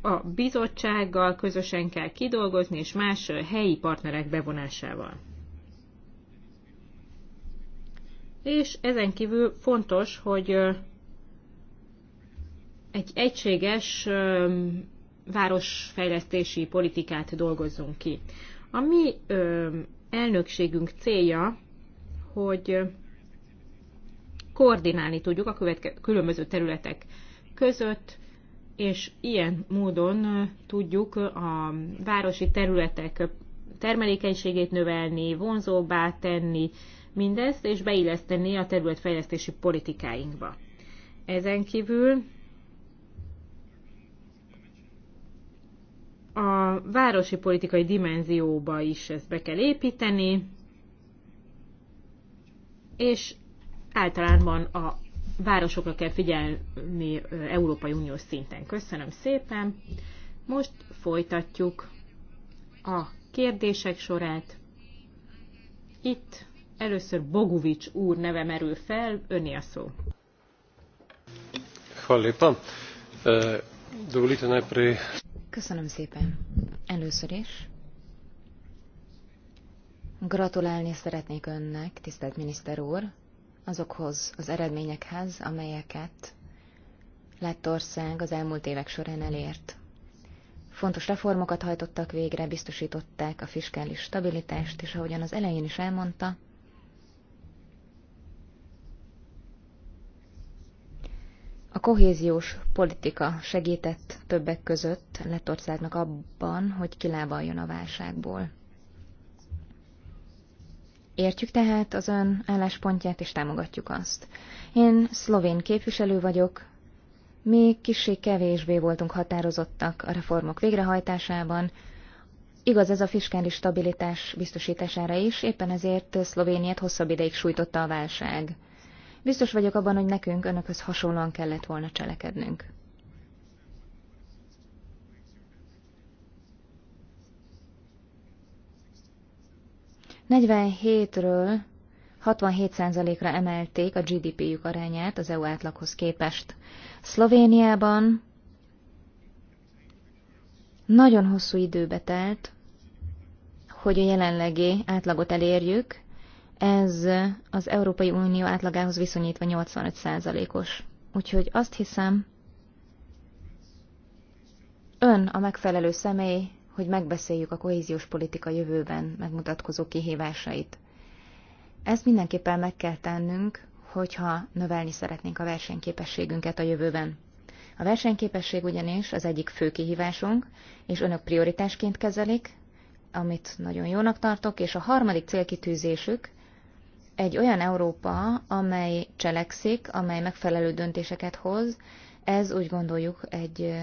a bizottsággal közösen kell kidolgozni, és más helyi partnerek bevonásával. És ezen kívül fontos, hogy egy egységes városfejlesztési politikát dolgozzunk ki. A mi elnökségünk célja, hogy koordinálni tudjuk a különböző területek között, és ilyen módon tudjuk a városi területek termelékenységét növelni, vonzóbbá tenni mindezt, és beilleszteni a területfejlesztési politikáinkba. Ezen kívül a városi politikai dimenzióba is ezt be kell építeni, és általában a városokra kell figyelni Európai Uniós szinten. Köszönöm szépen. Most folytatjuk a kérdések sorát. Itt először Bogovics úr neve merül fel, öné a szó. E, Köszönöm szépen. Először is Gratulálni szeretnék önnek, tisztelt miniszter úr, azokhoz az eredményekhez, amelyeket Lettország az elmúlt évek során elért. Fontos reformokat hajtottak végre, biztosították a fiskális stabilitást, és ahogyan az elején is elmondta, A kohéziós politika segített többek között Lettországnak abban, hogy kilábaljon a válságból. Értjük tehát az ön álláspontját, és támogatjuk azt. Én szlovén képviselő vagyok, mi kissé kevésbé voltunk határozottak a reformok végrehajtásában, Igaz ez a fiskális stabilitás biztosítására is, éppen ezért Szlovéniát hosszabb ideig sújtotta a válság. Biztos vagyok abban, hogy nekünk önökhöz hasonlóan kellett volna cselekednünk. 47-ről 67%-ra emelték a GDP-jük arányát az EU átlaghoz képest. Szlovéniában nagyon hosszú időbe telt, hogy a jelenlegi átlagot elérjük, ez az Európai Unió átlagához viszonyítva 85%-os. Úgyhogy azt hiszem, ön a megfelelő személy hogy megbeszéljük a kohéziós politika jövőben megmutatkozó kihívásait. Ezt mindenképpen meg kell tennünk, hogyha növelni szeretnénk a versenyképességünket a jövőben. A versenyképesség ugyanis az egyik fő kihívásunk, és önök prioritásként kezelik, amit nagyon jónak tartok, és a harmadik célkitűzésük egy olyan Európa, amely cselekszik, amely megfelelő döntéseket hoz, ez úgy gondoljuk egy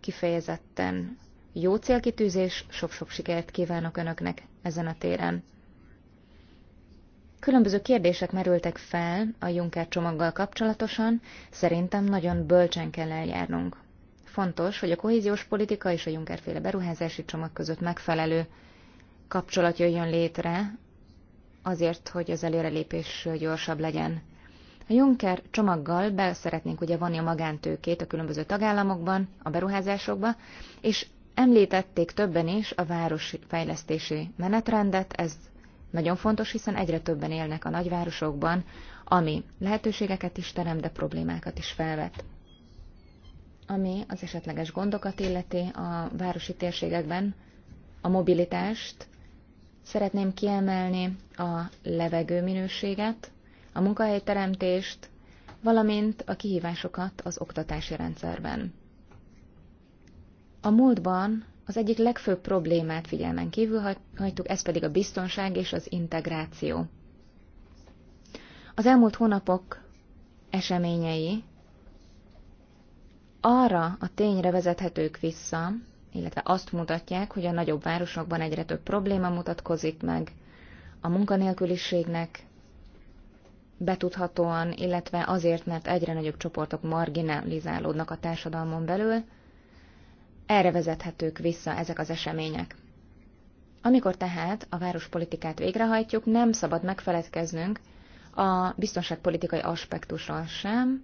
kifejezetten jó célkitűzés, sok-sok sikert kívánok Önöknek ezen a téren. Különböző kérdések merültek fel a Juncker csomaggal kapcsolatosan, szerintem nagyon bölcsen kell eljárnunk. Fontos, hogy a kohéziós politika és a juncker beruházási csomag között megfelelő kapcsolat jöjjön létre, azért, hogy az előrelépés gyorsabb legyen. A Juncker csomaggal be szeretnénk ugye vonni a magántőkét a különböző tagállamokban, a beruházásokba, és Említették többen is a fejlesztési menetrendet, ez nagyon fontos, hiszen egyre többen élnek a nagyvárosokban, ami lehetőségeket is terem, de problémákat is felvet. Ami az esetleges gondokat illeti a városi térségekben, a mobilitást, szeretném kiemelni a levegő minőséget, a munkahelyteremtést, valamint a kihívásokat az oktatási rendszerben. A múltban az egyik legfőbb problémát figyelmen kívül hagytuk, ez pedig a biztonság és az integráció. Az elmúlt hónapok eseményei arra a tényre vezethetők vissza, illetve azt mutatják, hogy a nagyobb városokban egyre több probléma mutatkozik meg, a munkanélküliségnek betudhatóan, illetve azért, mert egyre nagyobb csoportok marginalizálódnak a társadalmon belül, erre vezethetők vissza ezek az események. Amikor tehát a várospolitikát végrehajtjuk, nem szabad megfeledkeznünk a biztonságpolitikai aspektusról sem,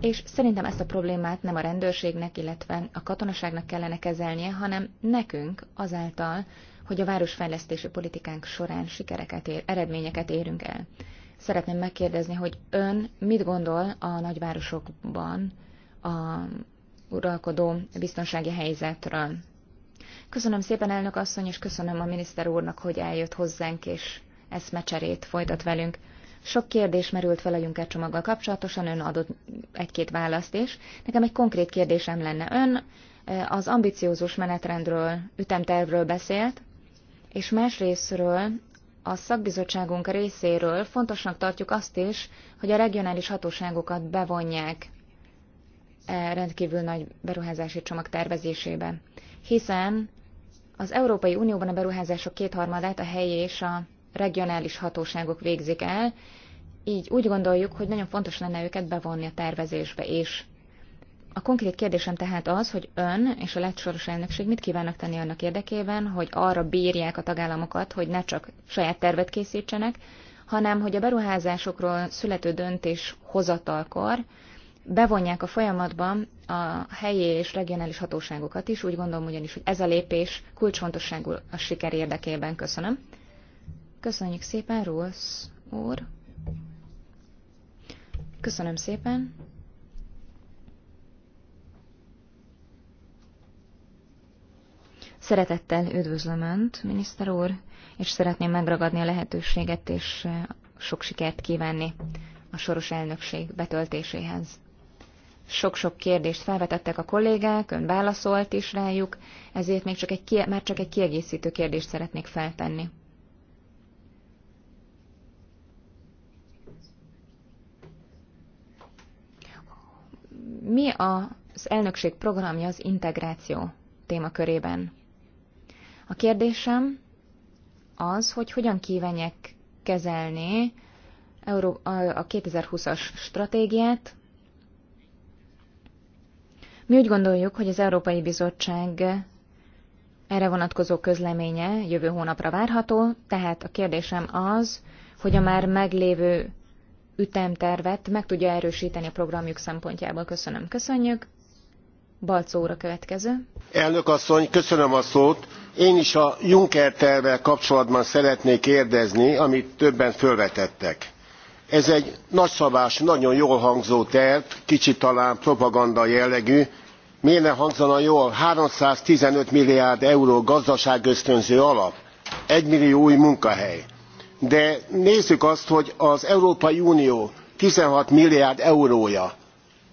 és szerintem ezt a problémát nem a rendőrségnek, illetve a katonaságnak kellene kezelnie, hanem nekünk azáltal, hogy a városfejlesztési politikánk során sikereket ér, eredményeket érünk el. Szeretném megkérdezni, hogy ön mit gondol a nagyvárosokban a uralkodó biztonsági helyzetről. Köszönöm szépen, elnök asszony, és köszönöm a miniszter úrnak, hogy eljött hozzánk, és eszmecserét folytat velünk. Sok kérdés merült fel a Juncker csomaggal kapcsolatosan, ön adott egy-két választ is. Nekem egy konkrét kérdésem lenne. Ön eh, az ambiciózus menetrendről, ütemtervről beszélt, és másrésztről a szakbizottságunk részéről fontosnak tartjuk azt is, hogy a regionális hatóságokat bevonják E rendkívül nagy beruházási csomag tervezésébe. Hiszen az Európai Unióban a beruházások kétharmadát a helyi és a regionális hatóságok végzik el, így úgy gondoljuk, hogy nagyon fontos lenne őket bevonni a tervezésbe is. A konkrét kérdésem tehát az, hogy ön és a lettsoros elnökség mit kívánnak tenni annak érdekében, hogy arra bírják a tagállamokat, hogy ne csak saját tervet készítsenek, hanem hogy a beruházásokról születő döntés hozatalkor bevonják a folyamatban a helyi és regionális hatóságokat is. Úgy gondolom ugyanis, hogy ez a lépés kulcsfontosságú a siker érdekében. Köszönöm. Köszönjük szépen, Rossz úr. Köszönöm szépen. Szeretettel üdvözlöm Önt, miniszter úr, és szeretném megragadni a lehetőséget, és sok sikert kívánni a soros elnökség betöltéséhez. Sok-sok kérdést felvetettek a kollégák, ön válaszolt is rájuk, ezért még csak egy, már csak egy kiegészítő kérdést szeretnék feltenni. Mi az elnökség programja az integráció témakörében? A kérdésem az, hogy hogyan kívánják kezelni a 2020-as stratégiát, mi úgy gondoljuk, hogy az Európai Bizottság erre vonatkozó közleménye jövő hónapra várható, tehát a kérdésem az, hogy a már meglévő ütemtervet meg tudja erősíteni a programjuk szempontjából. Köszönöm, köszönjük. Balcó úr a következő. Elnök asszony, köszönöm a szót. Én is a Juncker tervvel kapcsolatban szeretnék kérdezni, amit többen felvetettek ez egy nagyszabású nagyon jól hangzó terv kicsit talán propaganda jellegű miért ne hangzana jól three hundred and fifteen milliárd euró gazdaságösztönző alap egymillió új munkahely de nézzük azt hogy az európai unió sixteen milliárd eurója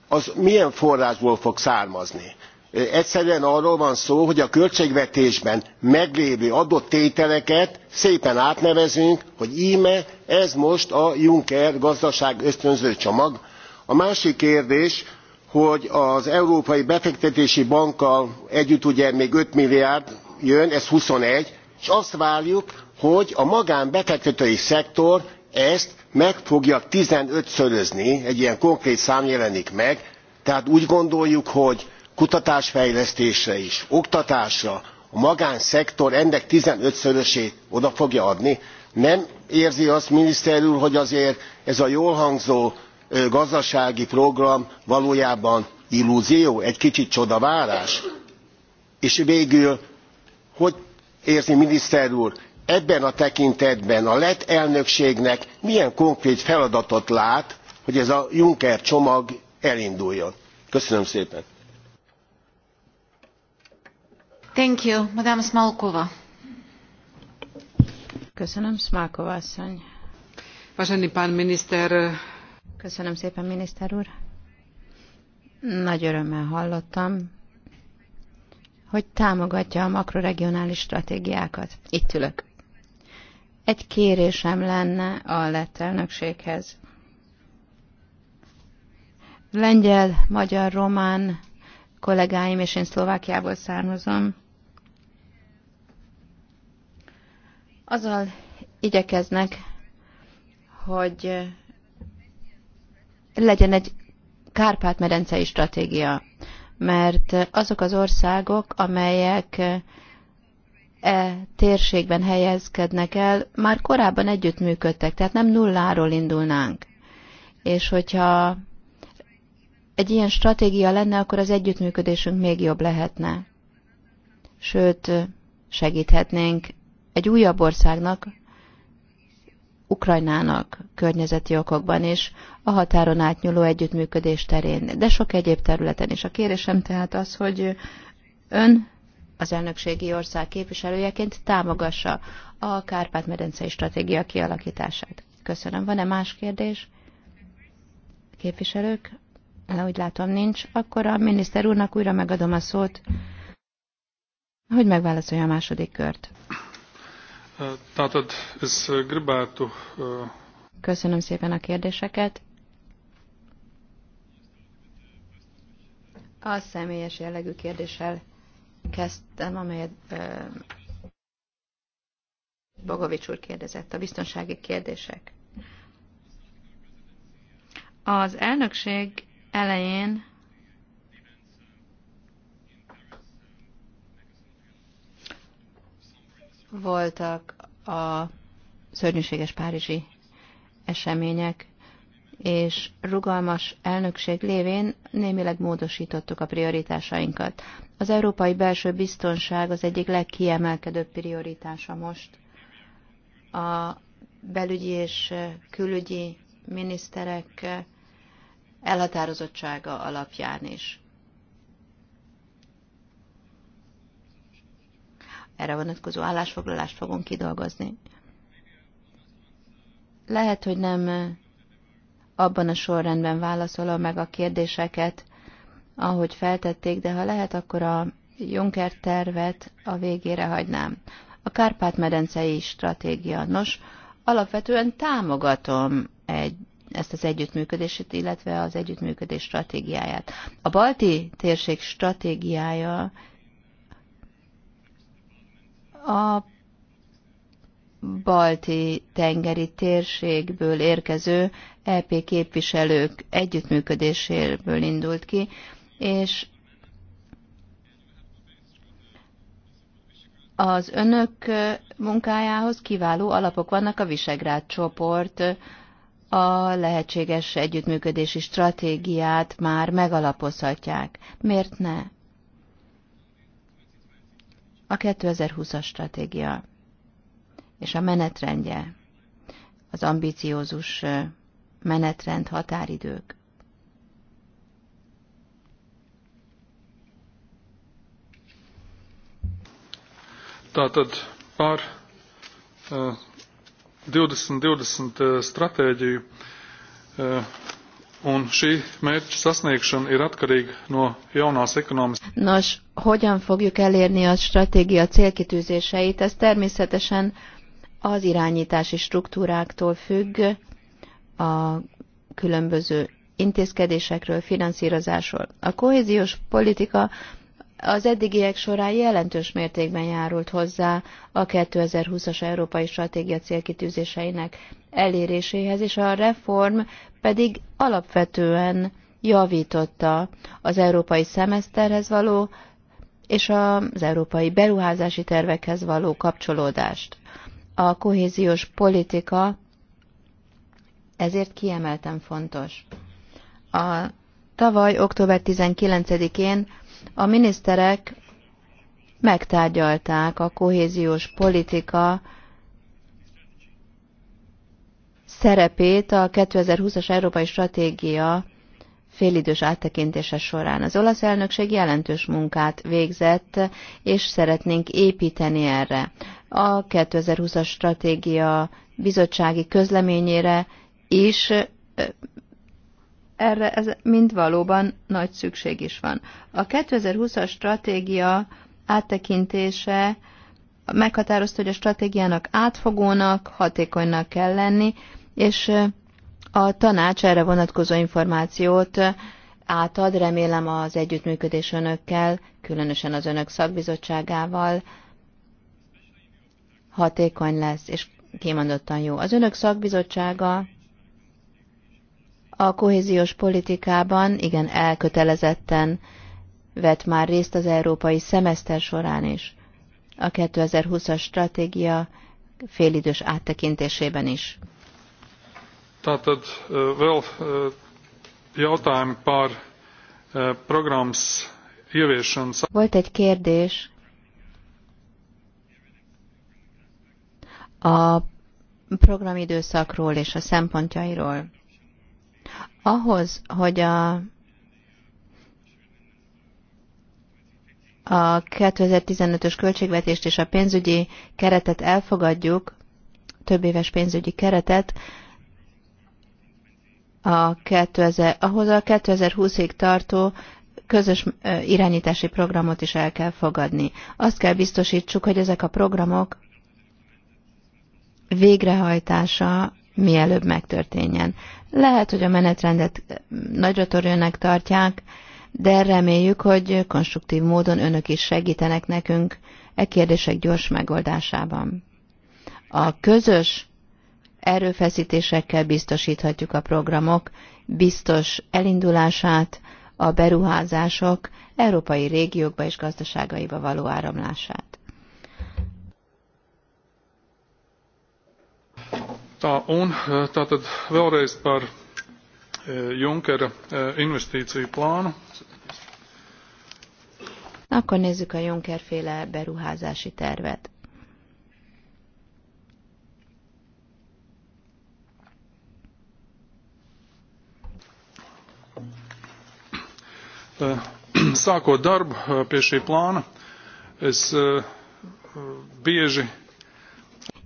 az milyen forrásból fog származni egyszerűen arról van szó hogy a költségvetésben meglévő adott tételeket szépen átnevezünk hogy íme ez most a juncker gazdaságösztönző csomag. a másik kérdés hogy az európai befektetési bankkal együtt ugye még five milliárd jön ez twenty one és azt várjuk hogy a magánbefektetői szektor ezt meg fogja fifteen szörözni egy ilyen konkrét szám jelenik meg tehát úgy gondoljuk hogy kutatásfejlesztésre is oktatásra a magánszektor ennek tizenötszörösét oda fogja adni? nem érzi azt miniszter úr hogy azért ez a jól hangzó gazdasági program valójában illúzió egy kicsit csodavárás? és végül hogy érzi miniszter úr ebben a tekintetben a lett elnökségnek milyen konkrét feladatot lát hogy ez a juncker csomag elinduljon? köszönöm szépen! Thank you. Madame Köszönöm, Smalkova asszony. Vasani pán miniszter. Köszönöm szépen, miniszter úr. Nagy örömmel hallottam, hogy támogatja a makroregionális stratégiákat. Itt ülök. Egy kérésem lenne a lett elnökséghez. Lengyel, magyar, román kollégáim, és én Szlovákiából származom, azzal igyekeznek, hogy legyen egy Kárpát-medencei stratégia, mert azok az országok, amelyek e térségben helyezkednek el, már korábban együttműködtek, tehát nem nulláról indulnánk. És hogyha egy ilyen stratégia lenne, akkor az együttműködésünk még jobb lehetne. Sőt, segíthetnénk egy újabb országnak, Ukrajnának környezeti okokban is, a határon átnyúló együttműködés terén, de sok egyéb területen is. A kérésem tehát az, hogy ön az elnökségi ország képviselőjeként támogassa a Kárpát-medencei stratégia kialakítását. Köszönöm. Van-e más kérdés? Képviselők? Na, Úgy látom nincs. Akkor a miniszter úrnak újra megadom a szót, hogy megválaszolja a második kört. Tātad es eh, gribētu... Eh, Köszönöm szépen a kérdéseket. A személyes jellegű kérdéssel kezdtem, amelyet eh, Bogovics úr kérdezett, a biztonsági kérdések. Az elnökség elején voltak a szörnyűséges párizsi események, és rugalmas elnökség lévén némileg módosítottuk a prioritásainkat. Az európai belső biztonság az egyik legkiemelkedőbb prioritása most. A belügyi és külügyi miniszterek elhatározottsága alapján is. erre vonatkozó állásfoglalást fogunk kidolgozni. Lehet, hogy nem eh, abban a sorrendben válaszolom meg a kérdéseket, ahogy feltették, de ha lehet, akkor a Juncker tervet a végére hagynám. A Kárpát-medencei stratégia. Nos, alapvetően támogatom egy, ezt az együttműködését, illetve az együttműködés stratégiáját. A balti térség stratégiája a balti tengeri térségből érkező EP képviselők együttműködéséből indult ki, és az önök munkájához kiváló alapok vannak a Visegrád csoport a lehetséges együttműködési stratégiát már megalapozhatják. Miért ne? a 2020-as stratégia és a menetrendje, az ambiciózus menetrend határidők. Tehát par uh, 2020 stratēģiju uh, un šī mērķa sasniegšana ir atkarīga no jaunās ekonomikas. Nos, hogyan fogjuk elérni a stratégia célkitűzéseit, ez természetesen az irányítási struktúráktól függ, a különböző intézkedésekről, finanszírozásról. A kohéziós politika az eddigiek során jelentős mértékben járult hozzá a 2020-as európai stratégia célkitűzéseinek eléréséhez, és a reform pedig alapvetően javította az európai szemeszterhez való és az európai beruházási tervekhez való kapcsolódást. A kohéziós politika ezért kiemelten fontos. A tavaly október 19-én a miniszterek megtárgyalták a kohéziós politika szerepét a 2020-as Európai Stratégia félidős áttekintése során. Az olasz elnökség jelentős munkát végzett, és szeretnénk építeni erre. A 2020-as stratégia bizottsági közleményére is erre ez mind valóban nagy szükség is van. A 2020-as stratégia áttekintése meghatározta, hogy a stratégiának átfogónak, hatékonynak kell lenni, és a tanács erre vonatkozó információt átad, remélem az együttműködés önökkel, különösen az önök szakbizottságával hatékony lesz, és kimondottan jó. Az önök szakbizottsága a kohéziós politikában igen elkötelezetten vett már részt az európai szemeszter során is, a 2020-as stratégia félidős áttekintésében is. Tātad eh, vēl eh, jautājumi par eh, programmas ieviešanu. Volt egy kérdés a programidőszakról és a szempontjairól. Ahhoz, hogy a a 2015-ös költségvetést és a pénzügyi keretet elfogadjuk, több éves pénzügyi keretet, a 2000, ahhoz a 2020-ig tartó közös irányítási programot is el kell fogadni. Azt kell biztosítsuk, hogy ezek a programok végrehajtása mielőbb megtörténjen. Lehet, hogy a menetrendet nagyra törőnek tartják, de reméljük, hogy konstruktív módon önök is segítenek nekünk e kérdések gyors megoldásában. A közös erőfeszítésekkel biztosíthatjuk a programok biztos elindulását, a beruházások európai régiókba és gazdaságaiba való áramlását. Tá, un e, tātad vēlreiz par e, Juncker e, investīciju plānu. Akkor nézzük a Juncker féle beruházási tervet. Sākot darbu pie šī plāna, es bieži.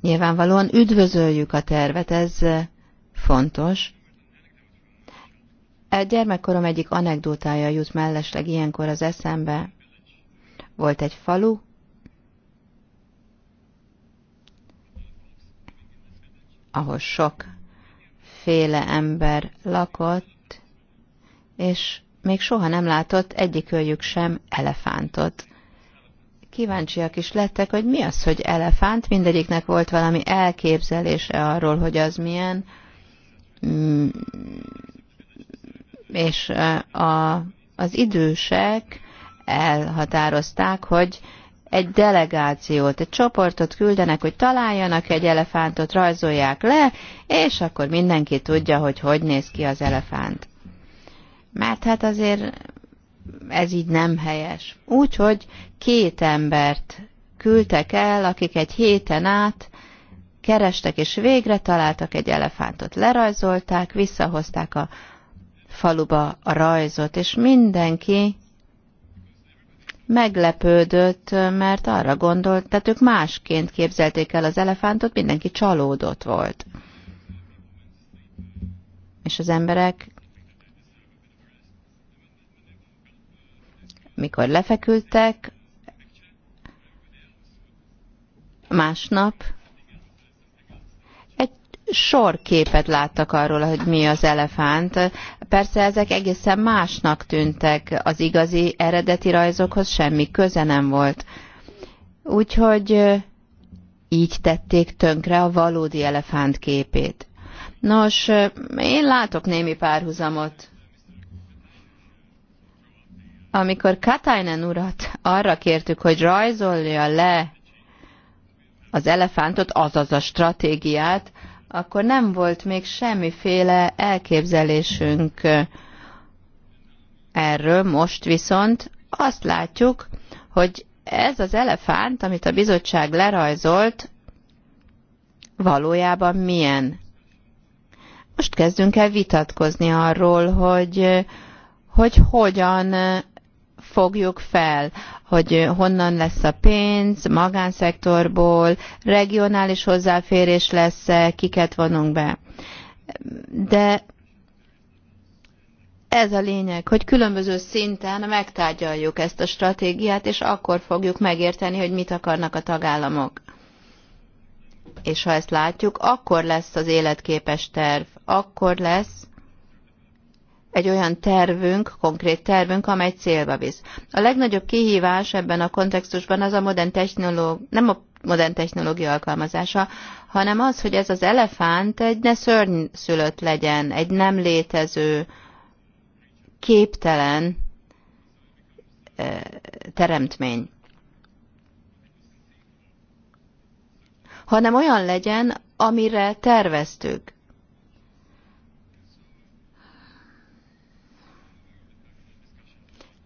Nyilvánvalóan üdvözöljük a tervet, ez fontos. A e gyermekkorom egyik anekdotája jut mellesleg ilyenkor az eszembe. Volt egy falu, ahol sok féle ember lakott, és még soha nem látott egyikőjük sem elefántot. Kíváncsiak is lettek, hogy mi az, hogy elefánt, mindegyiknek volt valami elképzelése arról, hogy az milyen, mm. és eh, a, az idősek elhatározták, hogy egy delegációt, egy csoportot küldenek, hogy találjanak egy elefántot, rajzolják le, és akkor mindenki tudja, hogy hogy néz ki az elefánt. Mert hát azért ez így nem helyes. Úgyhogy két embert küldtek el, akik egy héten át kerestek, és végre találtak egy elefántot. Lerajzolták, visszahozták a faluba a rajzot, és mindenki meglepődött, mert arra gondolt, tehát ők másként képzelték el az elefántot, mindenki csalódott volt. És az emberek Mikor lefeküdtek, másnap egy sor képet láttak arról, hogy mi az elefánt. Persze ezek egészen másnak tűntek, az igazi eredeti rajzokhoz semmi köze nem volt. Úgyhogy így tették tönkre a valódi elefánt képét. Nos, én látok némi párhuzamot amikor Katainen urat arra kértük, hogy rajzolja le az elefántot, azaz a stratégiát, akkor nem volt még semmiféle elképzelésünk erről. Most viszont azt látjuk, hogy ez az elefánt, amit a bizottság lerajzolt, valójában milyen. Most kezdünk el vitatkozni arról, hogy, hogy hogyan fogjuk fel, hogy honnan lesz a pénz, magánszektorból, regionális hozzáférés lesz, e kiket vonunk be. De ez a lényeg, hogy különböző szinten megtárgyaljuk ezt a stratégiát, és akkor fogjuk megérteni, hogy mit akarnak a tagállamok. És ha ezt látjuk, akkor lesz az életképes terv, akkor lesz egy olyan tervünk, konkrét tervünk, amely célba visz. A legnagyobb kihívás ebben a kontextusban az a modern technológia, nem a modern technológia alkalmazása, hanem az, hogy ez az elefánt egy ne szülött legyen, egy nem létező, képtelen teremtmény. Hanem olyan legyen, amire terveztük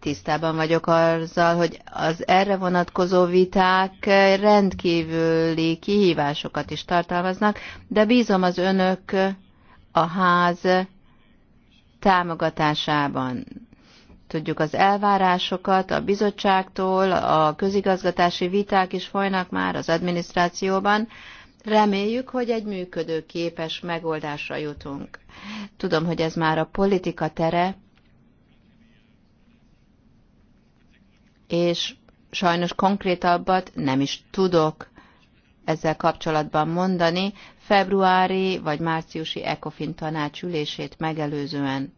tisztában vagyok azzal, hogy az erre vonatkozó viták rendkívüli kihívásokat is tartalmaznak, de bízom az önök a ház támogatásában. Tudjuk az elvárásokat a bizottságtól, a közigazgatási viták is folynak már az adminisztrációban. Reméljük, hogy egy működőképes megoldásra jutunk. Tudom, hogy ez már a politika tere, és sajnos konkrétabbat nem is tudok ezzel kapcsolatban mondani, februári vagy márciusi ECOFIN tanácsülését megelőzően.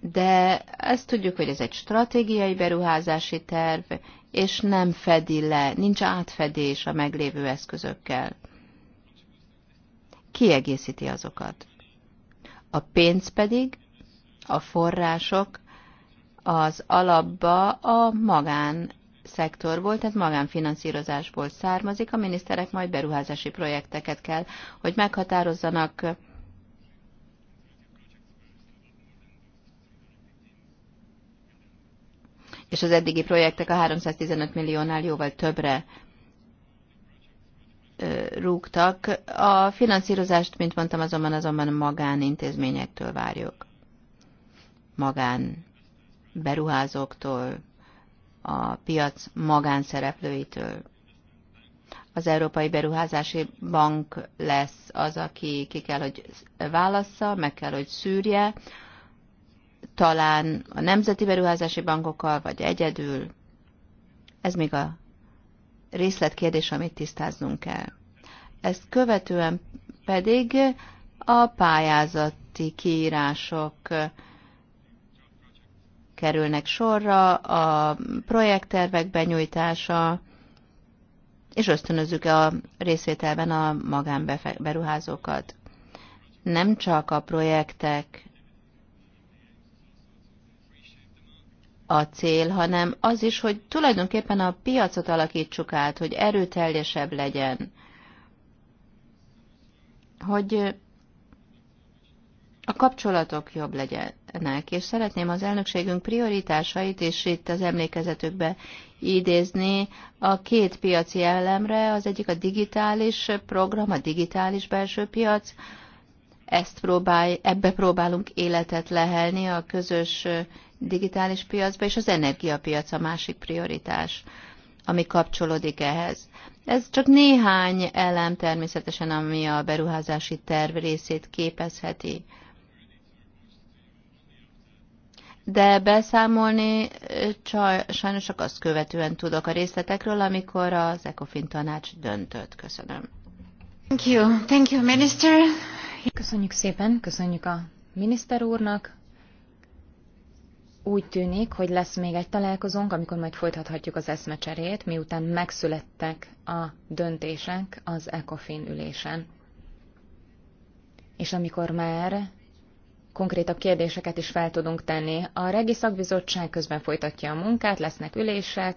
De ezt tudjuk, hogy ez egy stratégiai beruházási terv, és nem fedi le, nincs átfedés a meglévő eszközökkel kiegészíti azokat. A pénz pedig, a források az alapba a magán szektorból, tehát magánfinanszírozásból származik, a miniszterek majd beruházási projekteket kell, hogy meghatározzanak és az eddigi projektek a 315 milliónál jóval többre rúgtak. A finanszírozást, mint mondtam, azonban azonban magánintézményektől várjuk. Magán beruházóktól, a piac magánszereplőitől. Az Európai Beruházási Bank lesz az, aki ki kell, hogy válassza, meg kell, hogy szűrje, talán a Nemzeti Beruházási Bankokkal, vagy egyedül. Ez még a részletkérdés, amit tisztáznunk kell. Ezt követően pedig a pályázati kiírások kerülnek sorra, a projekttervek benyújtása, és ösztönözzük a részvételben a magánberuházókat. Nem csak a projektek a cél, hanem az is, hogy tulajdonképpen a piacot alakítsuk át, hogy erőteljesebb legyen, hogy a kapcsolatok jobb legyenek, és szeretném az elnökségünk prioritásait is itt az emlékezetükbe idézni a két piaci elemre, az egyik a digitális program, a digitális belső piac, ezt próbálj, ebbe próbálunk életet lehelni a közös digitális piacba, és az energiapiac a másik prioritás, ami kapcsolódik ehhez. Ez csak néhány elem természetesen, ami a beruházási terv részét képezheti. De beszámolni csaj, sajnos csak azt követően tudok a részletekről, amikor az ECOFIN tanács döntött. Köszönöm. Thank you. Thank you, Minister. Köszönjük szépen, köszönjük a miniszter úrnak. Úgy tűnik, hogy lesz még egy találkozónk, amikor majd folytathatjuk az eszmecserét, miután megszülettek a döntések az ECOFIN ülésen. És amikor már konkrétabb kérdéseket is fel tudunk tenni. A Regi Szakbizottság közben folytatja a munkát, lesznek ülések,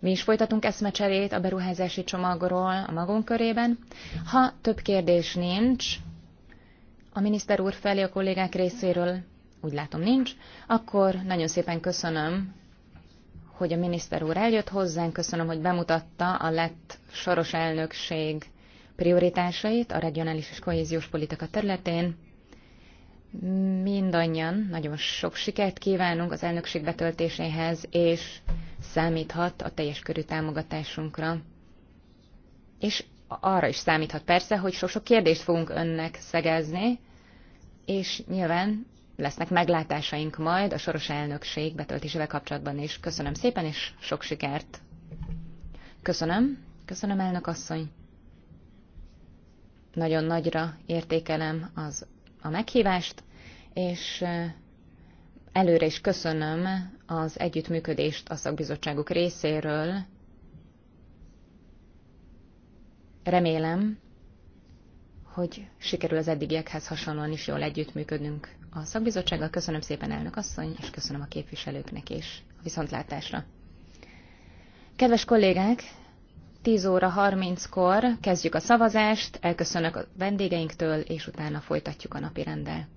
mi is folytatunk eszmecserét a beruházási csomagról a magunk körében. Ha több kérdés nincs, a miniszter úr felé a kollégák részéről? Úgy látom nincs. Akkor nagyon szépen köszönöm, hogy a miniszter úr eljött hozzánk, köszönöm, hogy bemutatta a lett soros elnökség prioritásait a regionális és kohéziós politika területén. Mindannyian nagyon sok sikert kívánunk az elnökség betöltéséhez, és számíthat a teljes körű támogatásunkra. És arra is számíthat persze, hogy sok-sok kérdést fogunk önnek szegezni, és nyilván lesznek meglátásaink majd a soros elnökség betöltésével kapcsolatban is. Köszönöm szépen, és sok sikert! Köszönöm, köszönöm elnök asszony! Nagyon nagyra értékelem az, a meghívást, és előre is köszönöm az együttműködést a szakbizottságok részéről. Remélem, hogy sikerül az eddigiekhez hasonlóan is jól együttműködnünk a szakbizottsággal. Köszönöm szépen, elnök asszony, és köszönöm a képviselőknek is. A viszontlátásra! Kedves kollégák, 10 óra 30-kor kezdjük a szavazást, elköszönök a vendégeinktől, és utána folytatjuk a napi rendel.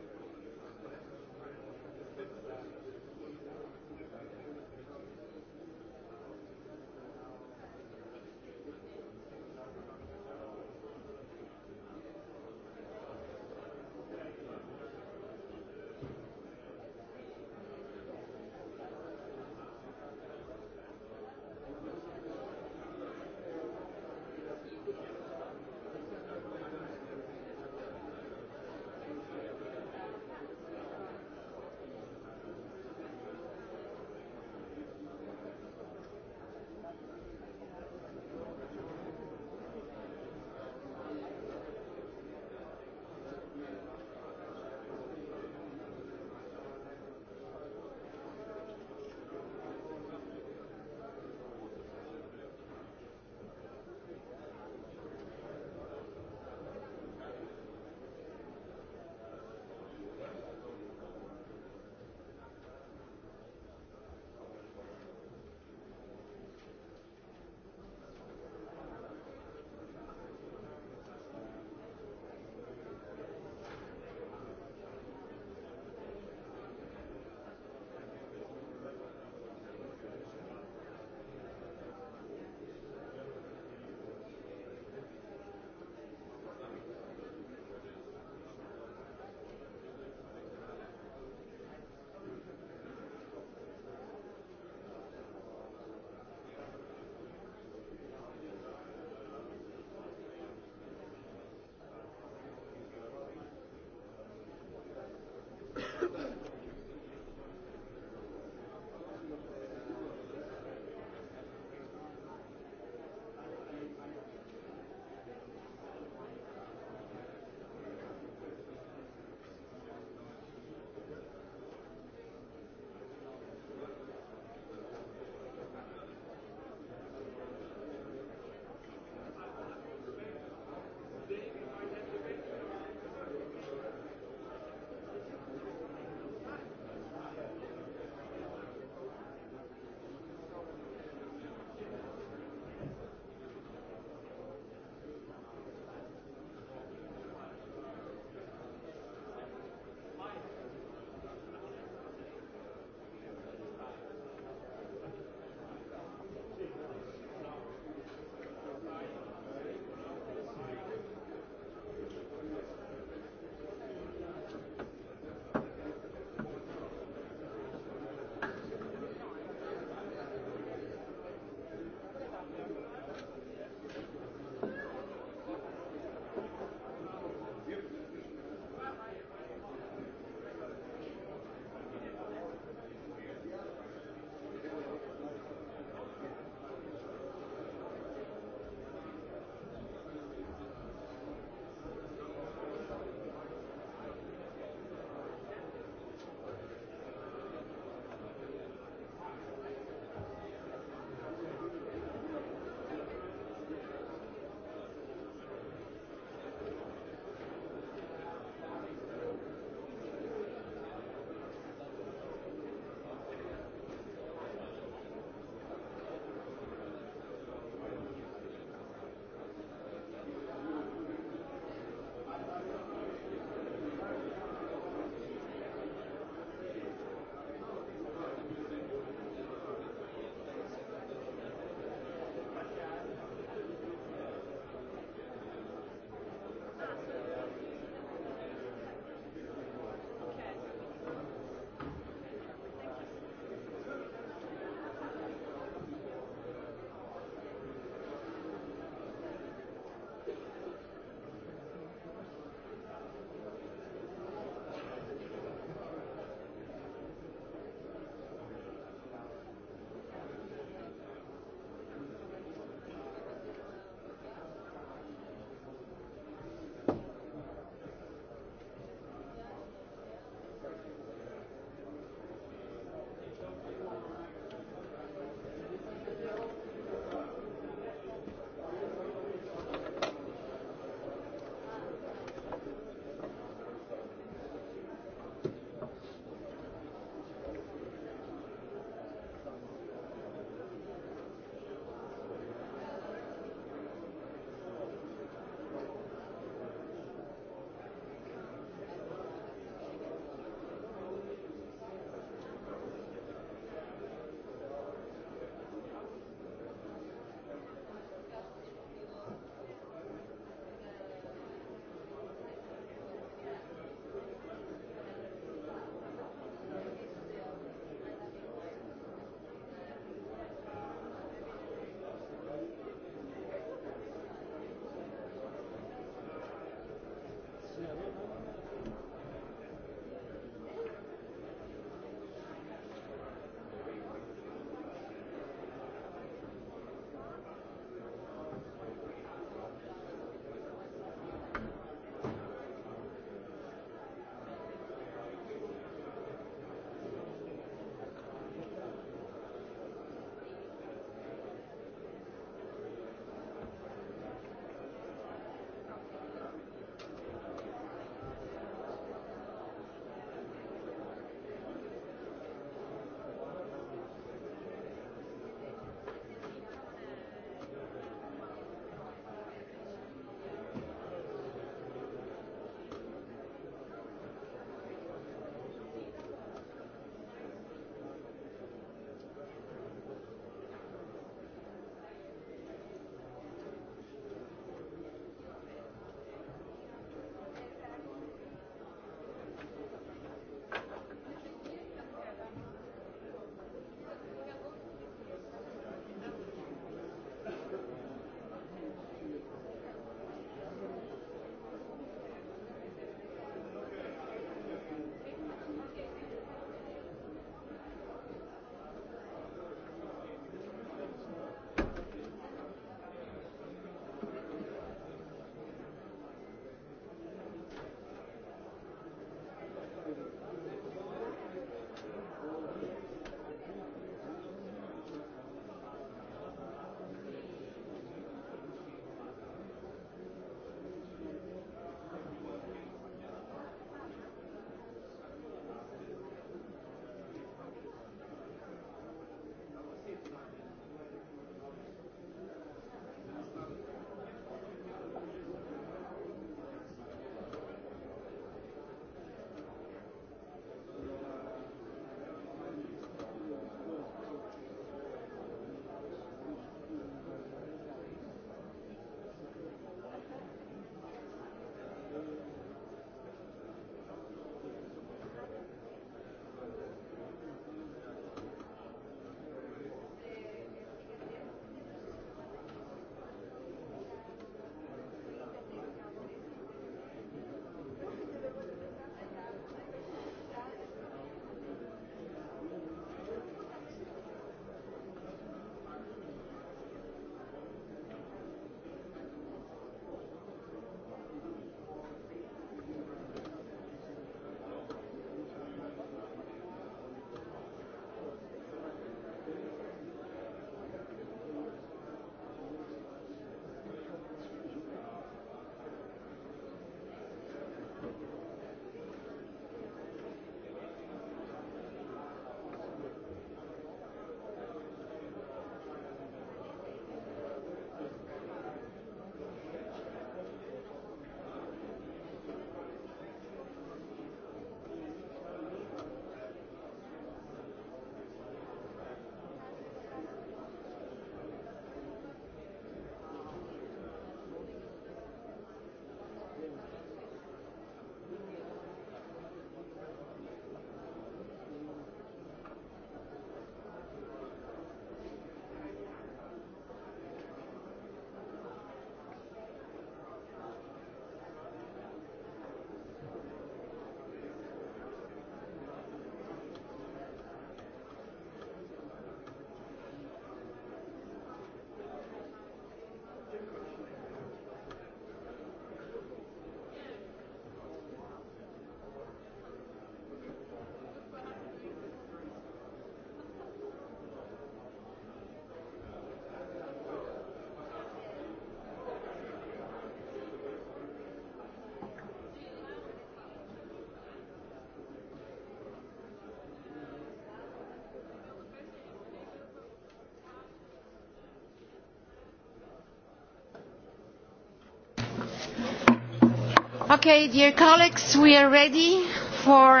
Okay, dear colleagues, we are ready for...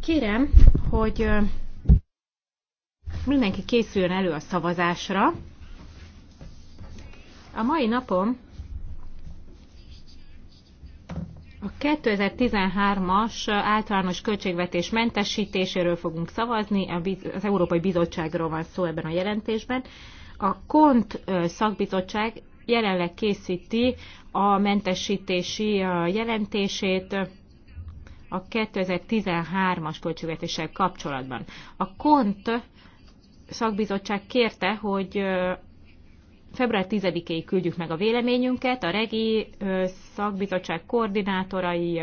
Kérem, hogy mindenki készüljön elő a szavazásra. A mai napom a 2013-as általános költségvetés mentesítéséről fogunk szavazni, az Európai Bizottságról van szó ebben a jelentésben. A KONT szakbizottság jelenleg készíti a mentesítési jelentését a 2013-as költségvetéssel kapcsolatban. A KONT szakbizottság kérte, hogy február 10-éig küldjük meg a véleményünket, a REGI szakbizottság koordinátorai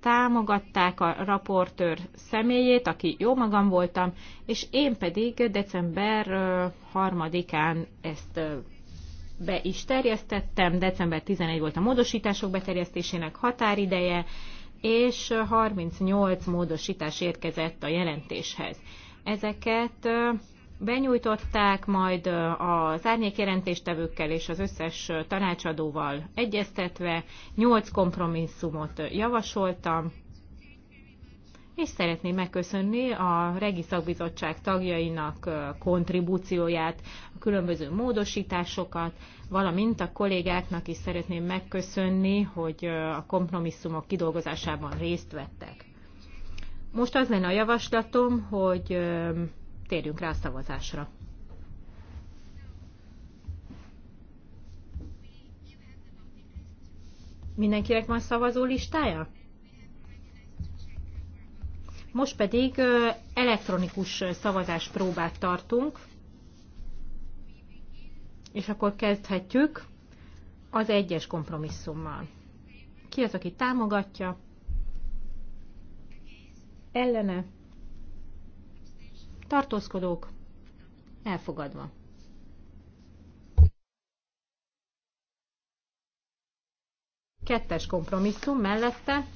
támogatták a raportőr személyét, aki jó magam voltam, és én pedig december 3-án ezt be is terjesztettem. December 11 volt a módosítások beterjesztésének határideje, és 38 módosítás érkezett a jelentéshez. Ezeket benyújtották, majd az árnyékjelentéstevőkkel és az összes tanácsadóval egyeztetve, 8 kompromisszumot javasoltam, és szeretném megköszönni a Regi Szakbizottság tagjainak kontribúcióját, a különböző módosításokat, valamint a kollégáknak is szeretném megköszönni, hogy a kompromisszumok kidolgozásában részt vettek. Most az lenne a javaslatom, hogy térjünk rá a szavazásra. Mindenkinek van szavazó listája? Most pedig elektronikus szavazás próbát tartunk, és akkor kezdhetjük az egyes kompromisszummal. Ki az, aki támogatja? Ellene? Tartózkodók? Elfogadva. Kettes kompromisszum mellette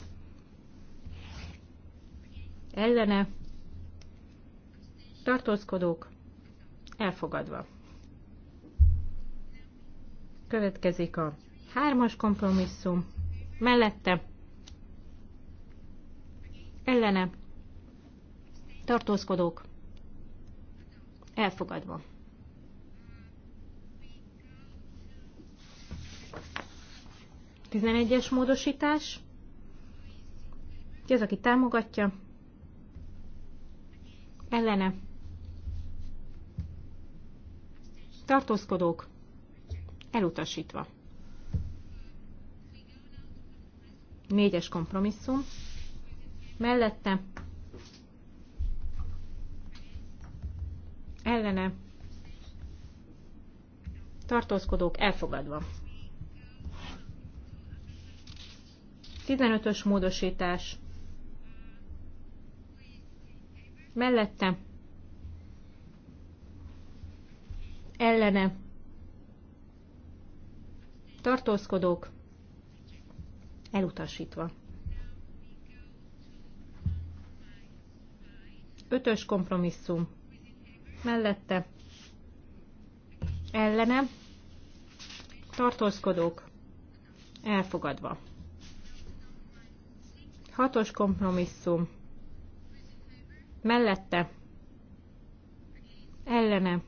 ellene, tartózkodók, elfogadva. Következik a hármas kompromisszum, mellette, ellene, tartózkodók, elfogadva. Tizenegyes módosítás, ki az, aki támogatja, ellene tartózkodók elutasítva. Négyes kompromisszum mellette ellene tartózkodók elfogadva. 15-ös módosítás mellette, ellene, tartózkodók, elutasítva. Ötös kompromisszum, mellette, ellene, tartózkodók, elfogadva. Hatos kompromisszum, mellette, ellene,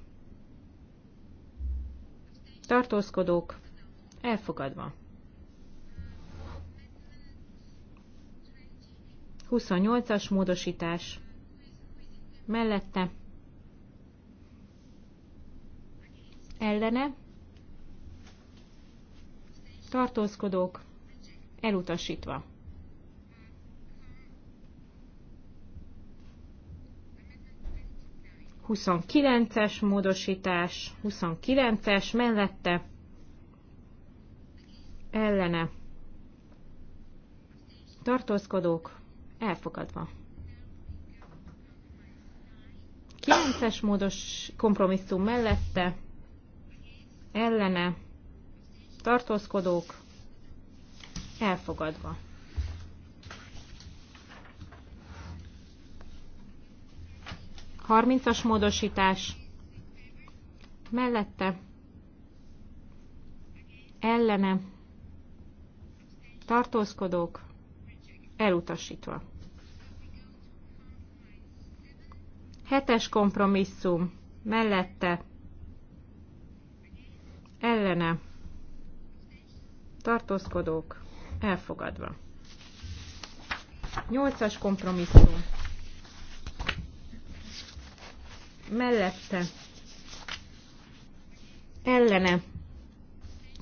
tartózkodók, elfogadva. 28-as módosítás mellette ellene tartózkodók elutasítva. 29-es módosítás, 29-es mellette ellene tartózkodók elfogadva. 9-es módos kompromisszum mellette ellene tartózkodók elfogadva. 30-as módosítás mellette ellene tartózkodók elutasítva. Hetes kompromisszum mellette ellene tartózkodók elfogadva. Nyolcas kompromisszum mellette ellene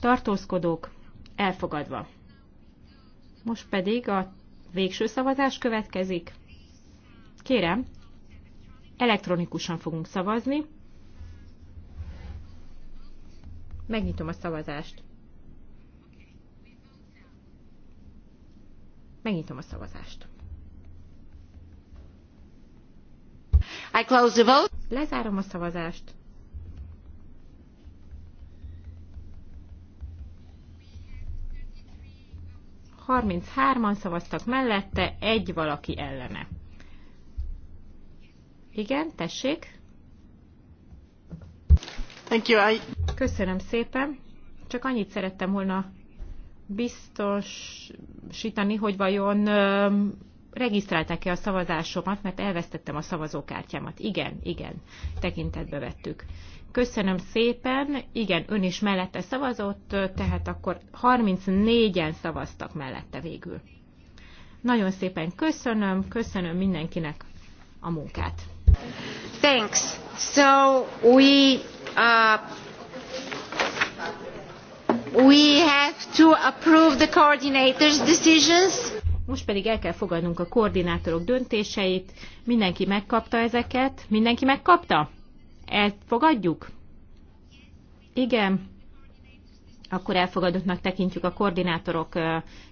tartózkodók elfogadva. Most pedig a végső szavazás következik. Kérem, elektronikusan fogunk szavazni. Megnyitom a szavazást. Megnyitom a szavazást. I close the vote. Lezárom a szavazást. hárman szavaztak mellette, egy valaki ellene. Igen, tessék. Thank you. I... Köszönöm szépen. Csak annyit szerettem volna biztosítani, hogy vajon regisztrálták-e a szavazásomat, mert elvesztettem a szavazókártyámat. Igen, igen, tekintetbe vettük. Köszönöm szépen, igen, ön is mellette szavazott, tehát akkor 34-en szavaztak mellette végül. Nagyon szépen köszönöm, köszönöm mindenkinek a munkát. Thanks. So we uh, we have to approve the coordinators' decisions. Most pedig el kell fogadnunk a koordinátorok döntéseit. Mindenki megkapta ezeket? Mindenki megkapta? Elfogadjuk? Igen. Akkor elfogadottnak tekintjük a koordinátorok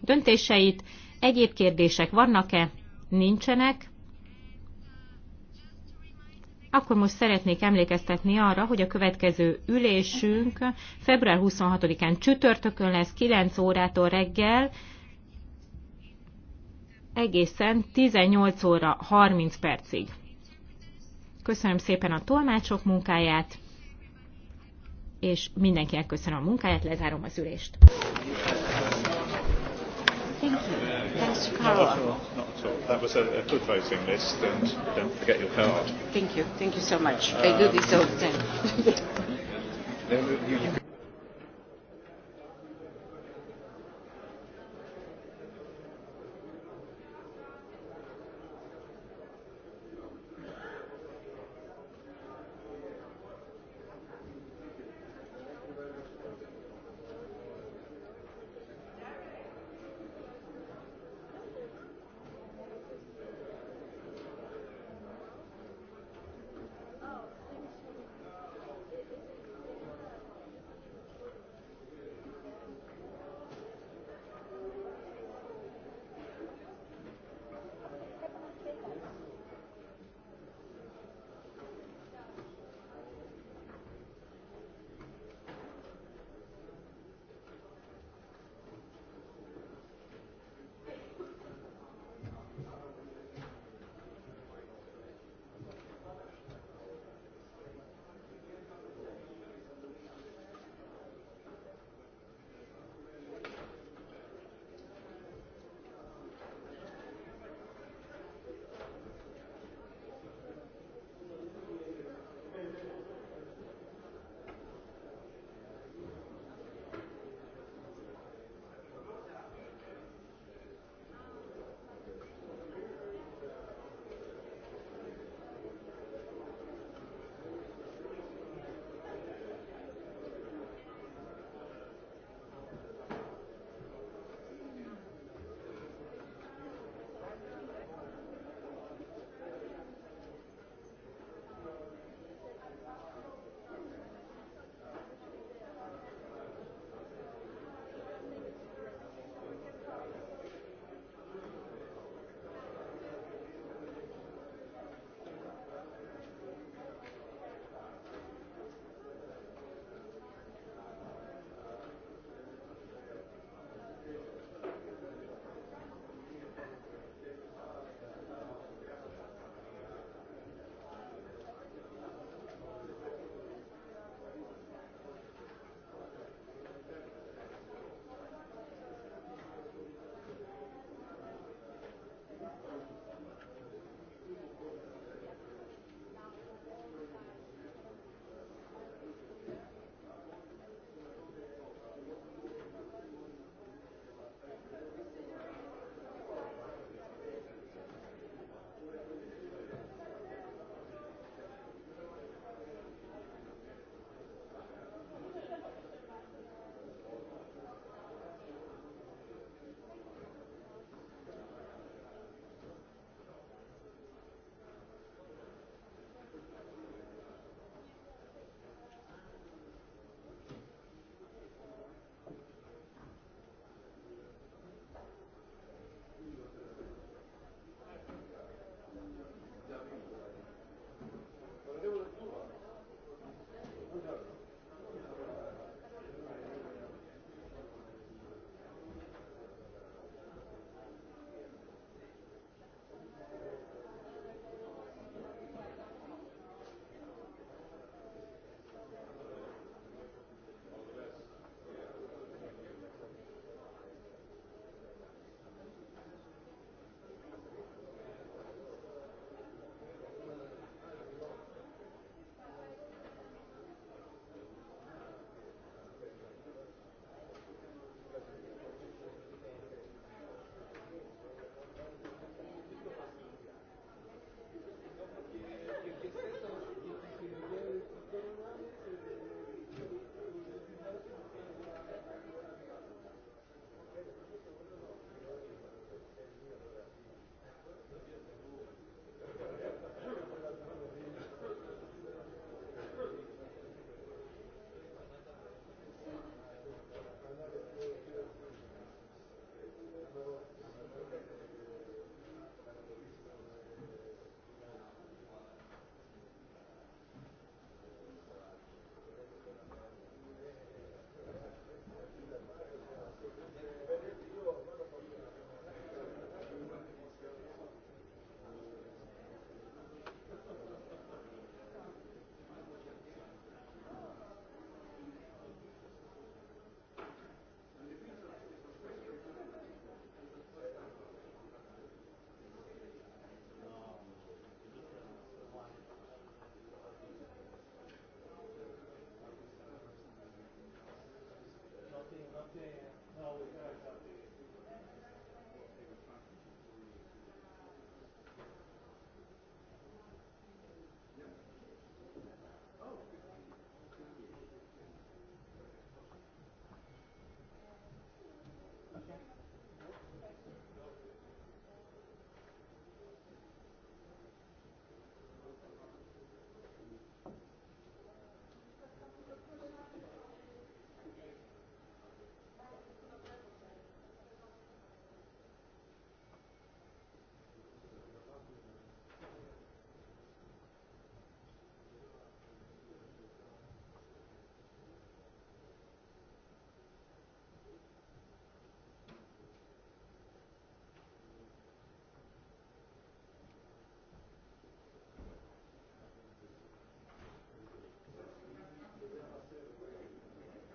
döntéseit. Egyéb kérdések vannak-e? Nincsenek. Akkor most szeretnék emlékeztetni arra, hogy a következő ülésünk február 26-án csütörtökön lesz 9 órától reggel, egészen 18 óra 30 percig. Köszönöm szépen a tolmácsok munkáját, és mindenkinek köszönöm a munkáját, lezárom az ülést. Thank you. Thanks, Carla. No, not That was a, a good voting list, and don't forget your card. Thank you. Thank you so much. I do this all the time. (laughs)